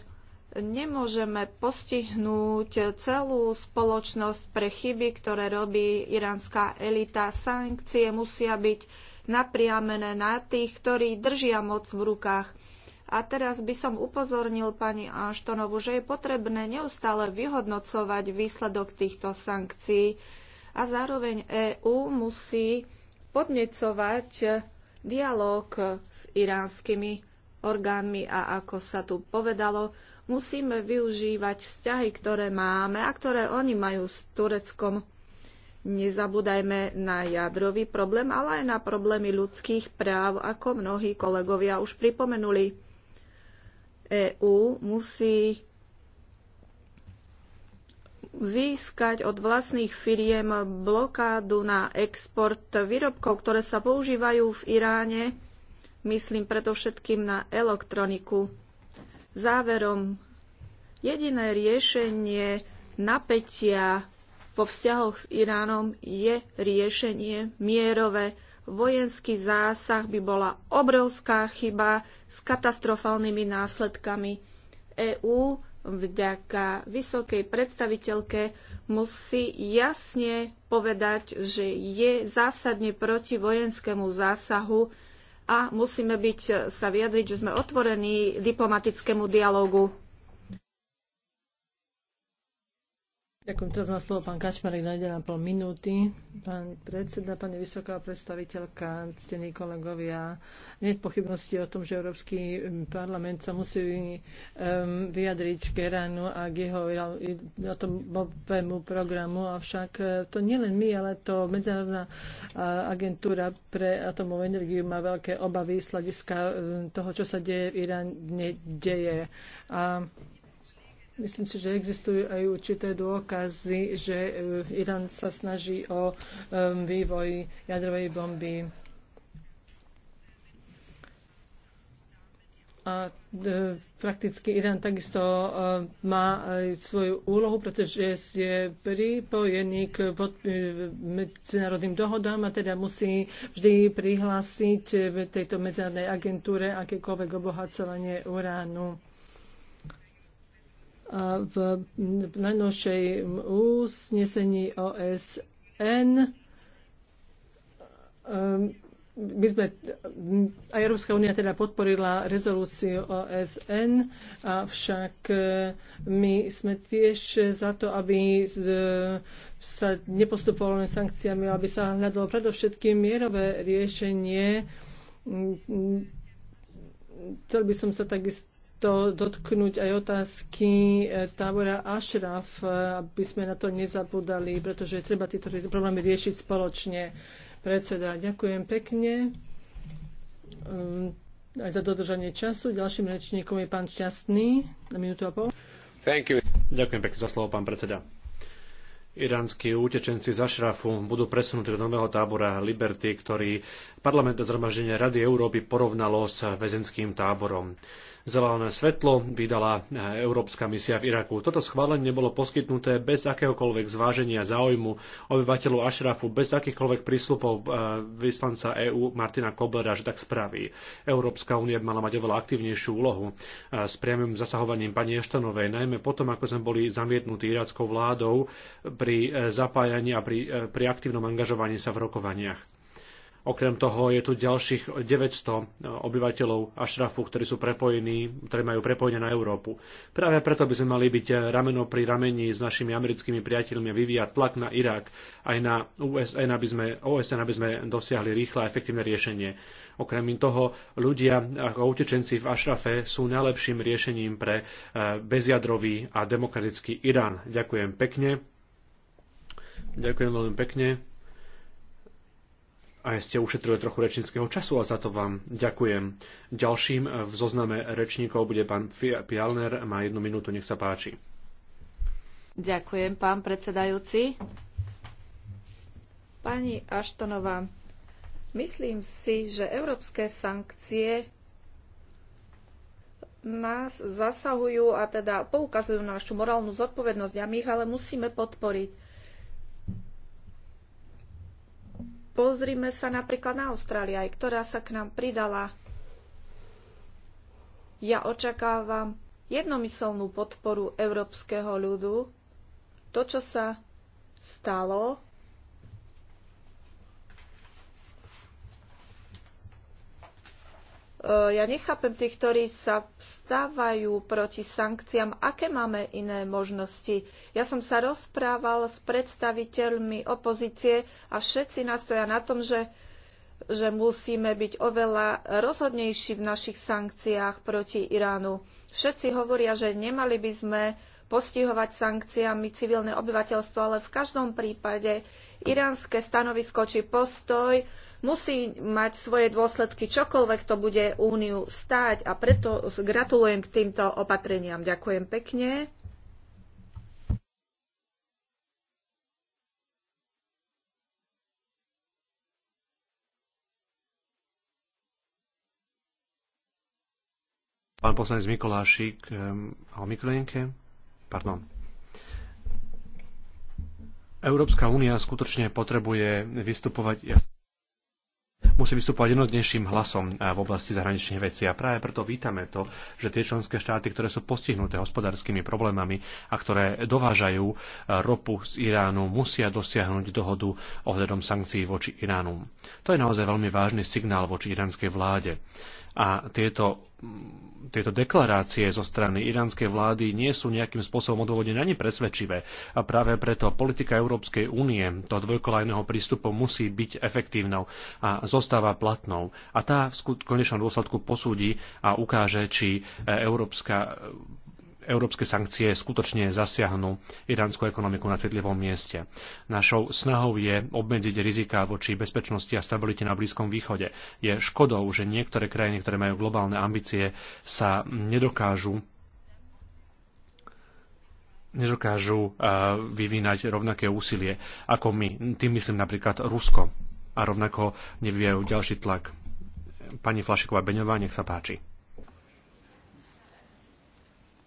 nemôžeme postihnúť celú spoločnosť pre chyby, ktoré robí iránska elita. Sankcie musia byť napriamené na tých, ktorí držia moc v rukách. A teraz by som upozornil pani Anštonovu, že je potrebné neustále vyhodnocovať výsledok týchto sankcií a zároveň EÚ musí podnecovať dialog s iránskymi orgánmi a ako sa tu povedalo, musíme využívať vzťahy, ktoré máme a ktoré oni majú s Tureckom. Nezabúdajme na jadrový problém, ale aj na problémy ľudských práv, ako mnohí kolegovia už pripomenuli. EÚ musí získať od vlastných firiem blokádu na export výrobkov, ktoré sa používajú v Iráne, myslím predovšetkým na elektroniku. Záverom, jediné riešenie napätia vo vzťahoch s Iránom je riešenie mierové. Vojenský zásah by bola obrovská chyba s katastrofálnymi následkami. EÚ vďaka vysokej predstaviteľke musí jasne povedať, že je zásadne proti vojenskému zásahu a musíme byť, sa vyjadriť, že sme otvorení diplomatickému dialogu. Ďakujem teraz na slovo pán Kačmarek na 1,5 minúty. Pán predseda, pani vysoká predstaviteľka, ctení kolegovia, nie je pochybnosti o tom, že Európsky mm, parlament sa musí um, vyjadriť k Iránu a k jeho atomovému programu, avšak e, to nie len my, ale to Medzinárodná agentúra pre atomovú energiu má veľké obavy z hľadiska toho, čo sa deje v Iráne, deje. A Myslím si, že existujú aj určité dôkazy, že eh, Irán sa snaží o eh, vývoj jadrovej bomby. A eh, prakticky Irán takisto má aj svoju úlohu, pretože je pripojený k medzinárodným dohodám a teda musí vždy prihlásiť v tejto medzinárodnej agentúre akékoľvek obohacovanie uránu a v najnovšej úsnesení OSN ehm, my sme, a Európska únia teda podporila rezolúciu OSN, avšak e, my sme tiež za to, aby sa nepostupovalo len sankciami, aby sa hľadalo predovšetkým mierové riešenie. Mm, mm, chcel by som sa takisto to dotknúť aj otázky e, tábora Ashraf, e, aby sme na to nezabudali, pretože treba tieto problémy riešiť spoločne. Predseda, ďakujem pekne e, aj za dodržanie času. Ďalším rečníkom je pán Šťastný na minútu a pol. Thank you. Ďakujem pekne za slovo, pán predseda. Iránsky utečenci z Ašrafu budú presunutí do nového tábora Liberty, ktorý parlamentné zhromaždenie Rady Európy porovnalo s väzenským táborom zelené svetlo vydala eh, Európska misia v Iraku. Toto schválenie bolo poskytnuté bez akéhokoľvek zváženia záujmu obyvateľov Ašrafu, bez akýchkoľvek prísľubov eh, vyslanca EÚ Martina Koblera, že tak spraví. Európska únia mala mať oveľa aktívnejšiu úlohu eh, s priamým zasahovaním pani Eštanovej, najmä potom, ako sme boli zamietnutí irackou vládou pri zapájaní a pri, pri aktívnom angažovaní sa v rokovaniach. Okrem toho je tu ďalších 900 obyvateľov Ašrafu, ktorí sú prepojení, ktorí majú prepojenie na Európu. Práve preto by sme mali byť rameno pri ramení s našimi americkými priateľmi a vyvíjať tlak na Irak aj na USN, aby sme, OSN, aby sme dosiahli rýchle a efektívne riešenie. Okrem toho, ľudia ako utečenci v Ašrafe sú najlepším riešením pre eh, bezjadrový a demokratický Irán. Ďakujem pekne. Ďakujem veľmi pekne aj ste ušetrili trochu rečníckého času a za to vám ďakujem. Ďalším v zozname rečníkov bude pán Pialner, má jednu minútu, nech sa páči. Ďakujem, pán predsedajúci. Pani Aštonová, myslím si, že európske sankcie nás zasahujú a teda poukazujú na našu morálnu zodpovednosť a my ich ale musíme podporiť. Pozrime sa napríklad na Austrália, aj ktorá sa k nám pridala. Ja očakávam jednomyselnú podporu európskeho ľudu. To, čo sa stalo, ja nechápem tých, ktorí sa stávajú proti sankciám. Aké máme iné možnosti? Ja som sa rozprával s predstaviteľmi opozície a všetci nastoja na tom, že, že musíme byť oveľa rozhodnejší v našich sankciách proti Iránu. Všetci hovoria, že nemali by sme postihovať sankciami civilné obyvateľstvo, ale v každom prípade iránske stanovisko či postoj musí mať svoje dôsledky, čokoľvek to bude úniu stáť a preto gratulujem k týmto opatreniam. Ďakujem pekne. Pán poslanec Mikolášik ehm, o mikrojenke. Pardon. Európska únia skutočne potrebuje vystupovať musí vystupovať jednotnejším hlasom eh, v oblasti zahraničných vecí. A práve preto vítame to, že tie členské štáty, ktoré sú postihnuté hospodárskymi problémami a ktoré dovážajú eh, ropu z Iránu, musia dosiahnuť dohodu ohľadom sankcií voči Iránu. To je naozaj veľmi vážny signál voči iránskej vláde. A tieto tieto deklarácie zo strany iránskej vlády nie sú nejakým spôsobom odôvodnené ani presvedčivé a práve preto politika Európskej únie toho dvojkolajného prístupu musí byť efektívnou a zostáva platnou. A tá v konečnom dôsledku posúdi a ukáže, či e, európska európske sankcie skutočne zasiahnu iránsku ekonomiku na citlivom mieste. Našou snahou je obmedziť rizika voči bezpečnosti a stabilite na Blízkom východe. Je škodou, že niektoré krajiny, ktoré majú globálne ambície, sa nedokážu nedokážu eh, vyvínať rovnaké úsilie ako my. Tým myslím napríklad Rusko. A rovnako nevyvíjajú ďalší tlak. Pani Flašiková Beňová, nech sa páči.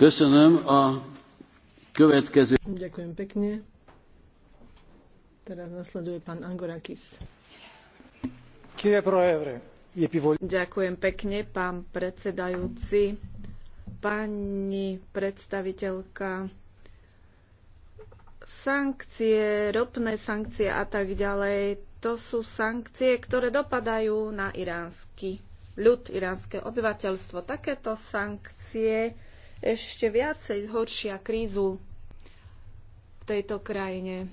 Köszönöm a következő... Ďakujem pekne. Teraz nasleduje pán Angorakis. Ďakujem pekne, pán predsedajúci. Pani predstaviteľka, sankcie, ropné sankcie a tak ďalej, to sú sankcie, ktoré dopadajú na iránsky ľud, iránske obyvateľstvo. Takéto sankcie ešte viacej zhoršia krízu v tejto krajine.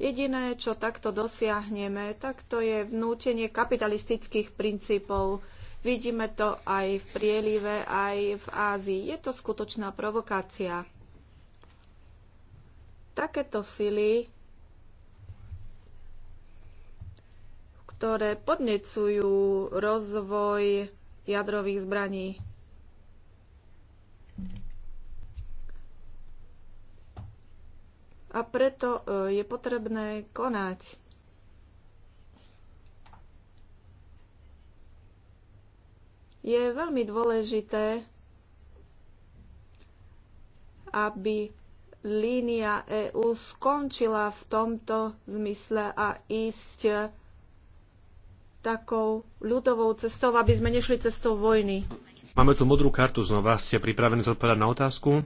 Jediné, čo takto dosiahneme, tak to je vnútenie kapitalistických princípov. Vidíme to aj v prielive, aj v Ázii. Je to skutočná provokácia. Takéto sily ktoré podnecujú rozvoj jadrových zbraní. a preto e, je potrebné konať. Je veľmi dôležité, aby línia EÚ skončila v tomto zmysle a ísť takou ľudovou cestou, aby sme nešli cestou vojny. Máme tu modrú kartu znova. Ste pripravení zodpovedať na otázku?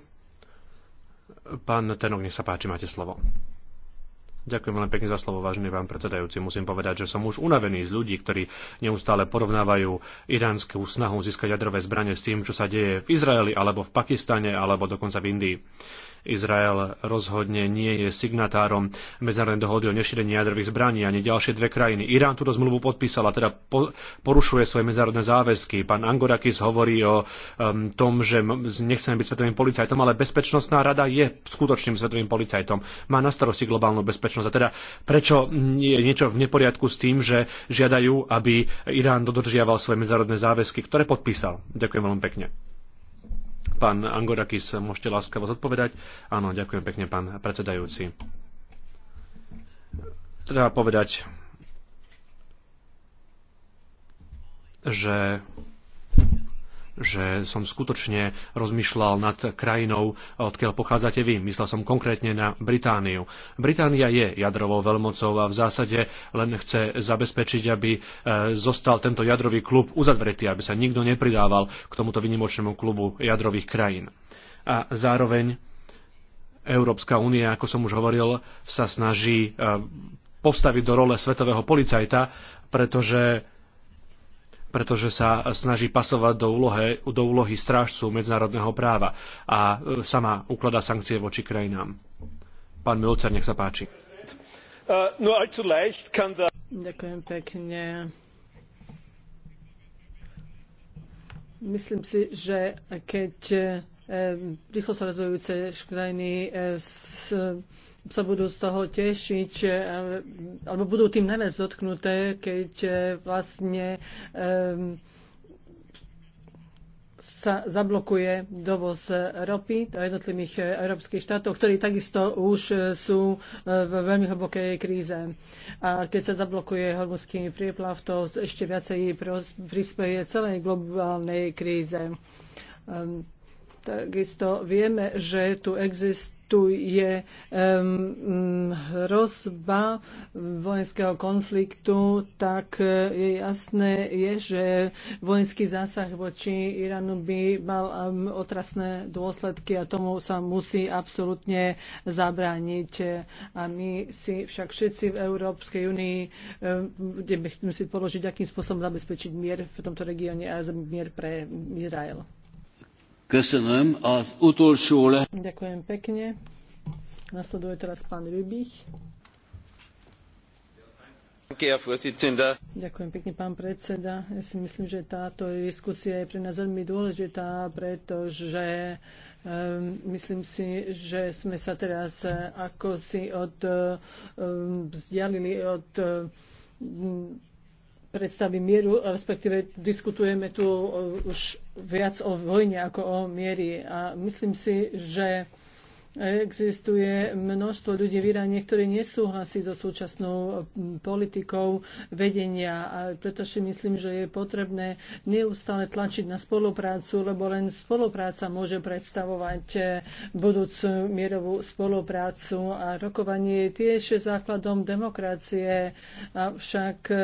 Pán Tenok, nech sa páči, máte slovo. Ďakujem veľmi pekne za slovo, vážený pán predsedajúci. Musím povedať, že som už unavený z ľudí, ktorí neustále porovnávajú iránskú snahu získať jadrové zbranie s tým, čo sa deje v Izraeli alebo v Pakistane alebo dokonca v Indii. Izrael rozhodne nie je signatárom medzinárodnej dohody o nešírení jadrových zbraní ani ďalšie dve krajiny. Irán túto zmluvu podpísala, teda po, porušuje svoje medzinárodné záväzky. Pán Angorakis hovorí o um, tom, že nechceme byť svetovým policajtom, ale Bezpečnostná rada je skutočným svetovým policajtom. Má na starosti globálnu bezpečnosť spoločnosť. A teda prečo je niečo v neporiadku s tým, že žiadajú, aby Irán dodržiaval svoje medzinárodné záväzky, ktoré podpísal. Ďakujem veľmi pekne. Pán Angorakis, môžete láskavo zodpovedať. Áno, ďakujem pekne, pán predsedajúci. Treba povedať, že že som skutočne rozmýšľal nad krajinou, odkiaľ pochádzate vy. Myslel som konkrétne na Britániu. Británia je jadrovou veľmocou a v zásade len chce zabezpečiť, aby e, zostal tento jadrový klub uzavretý, aby sa nikto nepridával k tomuto vynimočnému klubu jadrových krajín. A zároveň Európska únia, ako som už hovoril, sa snaží e, postaviť do role svetového policajta, pretože pretože sa snaží pasovať do, úlohe, do úlohy strážcu medzinárodného práva a e, sama ukladá sankcie voči krajinám. Pán Milcer, nech sa páči. Uh, no, Ďakujem pekne. Myslím si, že keď e, rýchlo sa rozvojujúce krajiny e, sa budú z toho tešiť, e, alebo budú tým najviac dotknuté, keď e, vlastne e, sa zablokuje dovoz ropy do jednotlivých európskych štátov, ktorí takisto už sú v veľmi hlbokej kríze. A keď sa zablokuje hormuzský prieplav, to ešte viacej prispieje celej globálnej kríze. Ehm, takisto vieme, že tu exist, tu je um, hrozba vojenského konfliktu, tak e, je jasné, je, že vojenský zásah voči Iránu by mal um, otrasné dôsledky a tomu sa musí absolútne zabrániť. A my si však všetci v Európskej únii budeme um, si položiť, akým spôsobom zabezpečiť mier v tomto regióne a mier pre Izrael. Ďakujem pekne. Nasleduje teraz pán Rybich. Ďakujem pekne, pán predseda. Ja si myslím, že táto diskusia je pre nás veľmi dôležitá, pretože ehm, Myslím si, že sme sa teraz eh, ako si od, ehm, vzdialili od ehm, predstaví mieru, respektíve diskutujeme tu e, už viac o vojne ako o miery. A myslím si, že Existuje množstvo ľudí v Iráne, ktorí nesúhlasí so súčasnou politikou vedenia a preto si myslím, že je potrebné neustále tlačiť na spoluprácu, lebo len spolupráca môže predstavovať e, budúcu mierovú spoluprácu a rokovanie je tiež základom demokracie. Avšak e,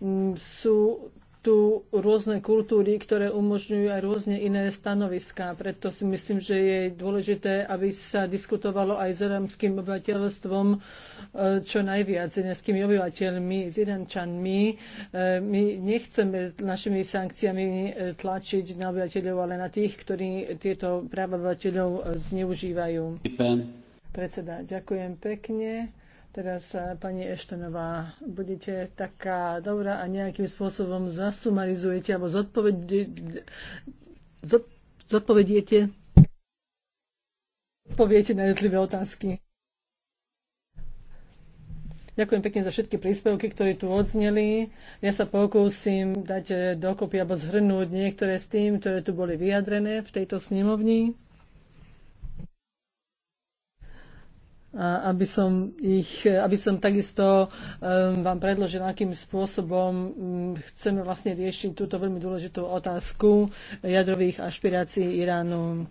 Mm, sú tu rôzne kultúry, ktoré umožňujú aj rôzne iné stanoviská. Preto si myslím, že je dôležité, aby sa diskutovalo aj s irámským obyvateľstvom e, čo najviac, s tými obyvateľmi, s iránčanmi. E, my nechceme našimi sankciami e, tlačiť na obyvateľov, ale na tých, ktorí tieto práva obyvateľov zneužívajú. Predseda, ďakujem pekne. Teraz, eh, pani Eštenová, budete taká dobrá a nejakým spôsobom zasumarizujete alebo zodpovediete poviete na jednotlivé otázky. Ďakujem pekne za všetky príspevky, ktoré tu odzneli. Ja sa pokúsim dať eh, dokopy alebo zhrnúť niektoré z tým, ktoré tu boli vyjadrené v tejto snemovni. a aby som, ich, aby som takisto ehm, vám predložil, akým spôsobom mm, chceme vlastne riešiť túto veľmi dôležitú otázku jadrových ašpirácií Iránu.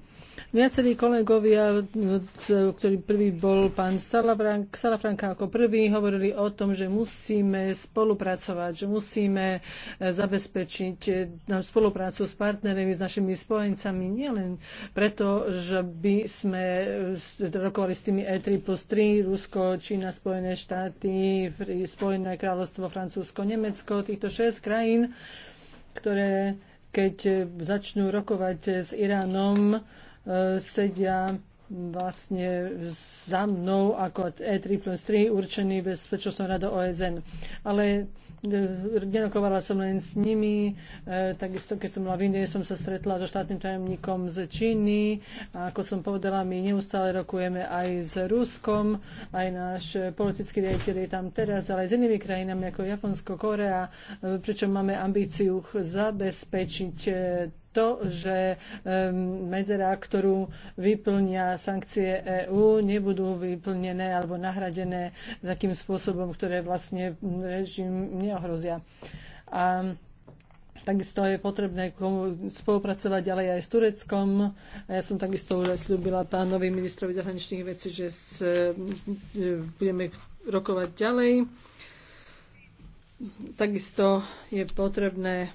Viacerí kolegovia, ktorý prvý bol pán Salafrank, Salafranka ako prvý, hovorili o tom, že musíme spolupracovať, že musíme e, zabezpečiť e, spoluprácu s partnermi, s našimi spojencami, nielen preto, že by sme e, rokovali s tými E3 plus 3, Rusko, Čína, Spojené štáty, Spojené kráľovstvo, Francúzsko, Nemecko, týchto šesť krajín, ktoré keď začnú rokovať s Iránom, sedia vlastne za mnou ako E3 plus 3 určený bezpečnostnou radou OSN. Ale e, nerokovala som len s nimi, e, takisto keď som bola v Indie, som sa stretla so štátnym tajomníkom z Číny a ako som povedala, my neustále rokujeme aj s Ruskom, aj náš politický riaditeľ je tam teraz, ale aj s inými krajinami ako Japonsko, Korea, e, pričom máme ambíciu zabezpečiť to, že ehm, medzera, ktorú vyplnia sankcie EÚ, nebudú vyplnené alebo nahradené takým spôsobom, ktoré vlastne režim neohrozia. A Takisto je potrebné spolupracovať ďalej aj s Tureckom. Ja som takisto už aj slúbila pánovi ministrovi zahraničných vecí, že s, budeme rokovať ďalej. Takisto je potrebné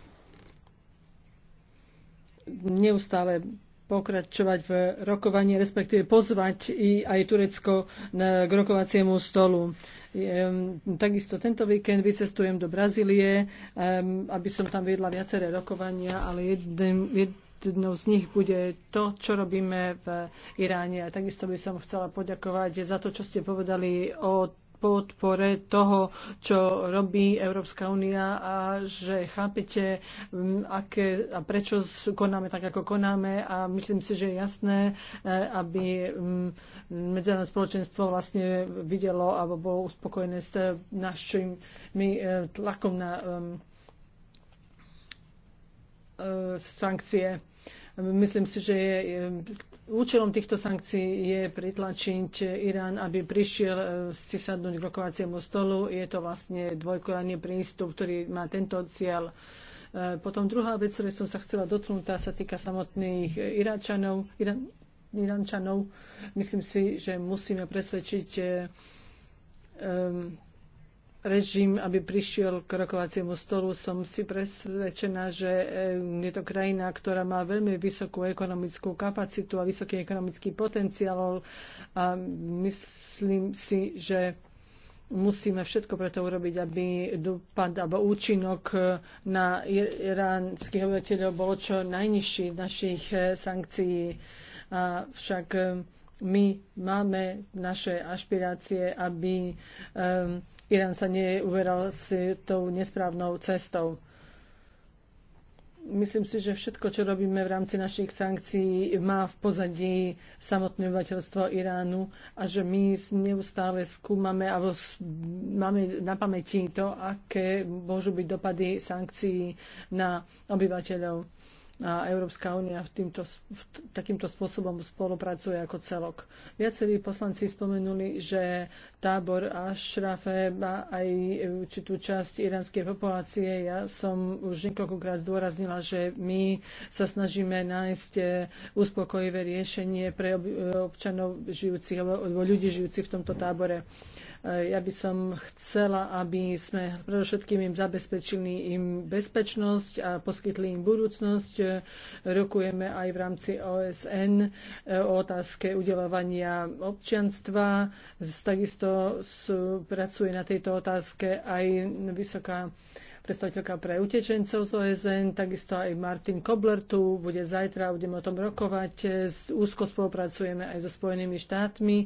neustále pokračovať v rokovaní, respektíve pozvať i aj Turecko k rokovaciemu stolu. Ehm, takisto tento víkend vycestujem do Brazílie, ehm, aby som tam viedla viaceré rokovania, ale jeden, jednou z nich bude to, čo robíme v Iráne. A takisto by som chcela poďakovať za to, čo ste povedali o podpore toho, čo robí Európska únia a že chápete, aké a prečo konáme tak, ako konáme a myslím si, že je jasné, e, aby medzinárodné spoločenstvo vlastne videlo alebo bolo uspokojené s e, našim e, tlakom na sankcie. Myslím si, že je Účelom týchto sankcií je pritlačiť Irán, aby prišiel e, si sadnúť k rokovaciemu stolu. Je to vlastne dvojkoranný prístup, ktorý má tento cieľ. E, potom druhá vec, ktorej som sa chcela dotknúť, tá sa týka samotných Iráčanov, Irán, Myslím si, že musíme presvedčiť um, režim, aby prišiel k rokovaciemu stolu, som si presvedčená, že eh, je to krajina, ktorá má veľmi vysokú ekonomickú kapacitu a vysoký ekonomický potenciál a myslím si, že musíme všetko preto urobiť, aby dopad alebo účinok na iránskych obyvateľov bol čo najnižší našich eh, sankcií. A však eh, my máme naše ašpirácie, aby um, Irán sa neuveral si tou nesprávnou cestou. Myslím si, že všetko, čo robíme v rámci našich sankcií, má v pozadí samotné obyvateľstvo Iránu a že my neustále skúmame alebo máme na pamäti to, aké môžu byť dopady sankcií na obyvateľov. A Európska únia v týmto, v takýmto spôsobom spolupracuje ako celok. Viacerí poslanci spomenuli, že tábor Ašrafe má aj určitú časť iránskej populácie. Ja som už niekoľkokrát zdôraznila, že my sa snažíme nájsť eh, uspokojivé riešenie pre eh, občanov žijúcich alebo ľudí žijúcich v tomto tábore. Eh, ja by som chcela, aby sme predovšetkým im zabezpečili im bezpečnosť a poskytli im budúcnosť. Rokujeme aj v rámci OSN o otázke udelovania občianstva. Takisto preto sú, pracuje na tejto otázke aj vysoká predstaviteľka pre utečencov z OSN, takisto aj Martin Kobler tu bude zajtra, budeme o tom rokovať. Úzko spolupracujeme aj so Spojenými štátmi.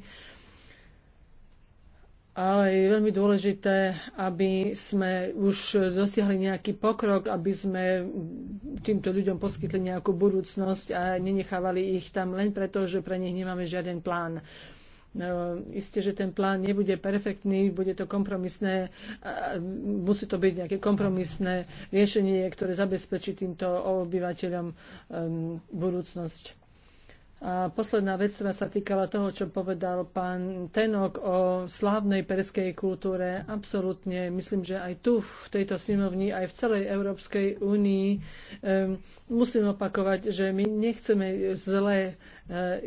Ale je veľmi dôležité, aby sme už dosiahli nejaký pokrok, aby sme týmto ľuďom poskytli nejakú budúcnosť a nenechávali ich tam len preto, že pre nich nemáme žiaden plán. No, isté, že ten plán nebude perfektný, bude to kompromisné, musí to byť nejaké kompromisné riešenie, ktoré zabezpečí týmto obyvateľom um, budúcnosť. A posledná vec, ktorá sa týkala toho, čo povedal pán Tenok o slávnej perskej kultúre, absolútne myslím, že aj tu v tejto snemovni, aj v celej Európskej únii um, musím opakovať, že my nechceme zlé uh,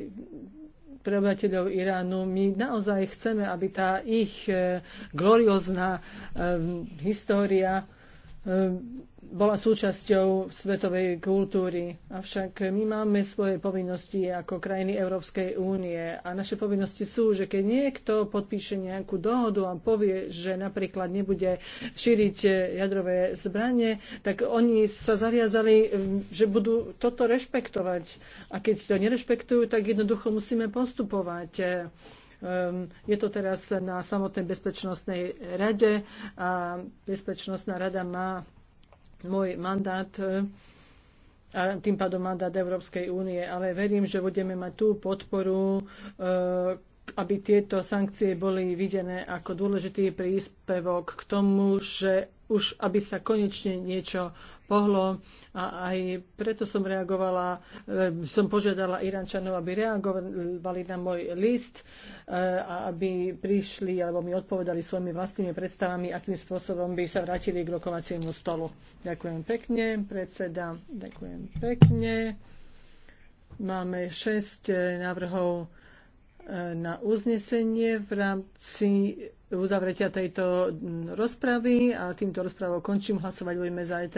preobrateľov Iránu. My naozaj chceme, aby tá ich eh, gloriózna eh, história Ehm, bola súčasťou svetovej kultúry. Avšak my máme svoje povinnosti ako krajiny Európskej únie a naše povinnosti sú, že keď niekto podpíše nejakú dohodu a povie, že napríklad nebude šíriť e, jadrové zbranie, tak oni sa zaviazali, ehm, že budú toto rešpektovať. A keď to nerešpektujú, tak jednoducho musíme postupovať e, Ehm, je to teraz na samotnej bezpečnostnej rade a bezpečnostná rada má môj mandát eh, a tým pádom mandát Európskej únie, ale verím, že budeme mať tú podporu, eh, aby tieto sankcie boli videné ako dôležitý príspevok k tomu, že už aby sa konečne niečo pohlo a aj preto som reagovala, e, som požiadala Irančanov, aby reagovali na môj list e, a aby prišli alebo mi odpovedali svojimi vlastnými predstavami, akým spôsobom by sa vrátili k rokovaciemu stolu. Ďakujem pekne, predseda. Ďakujem pekne. Máme 6 e, návrhov na uznesenie v rámci uzavretia tejto rozpravy a týmto rozprávou končím. Hlasovať budeme zajtra.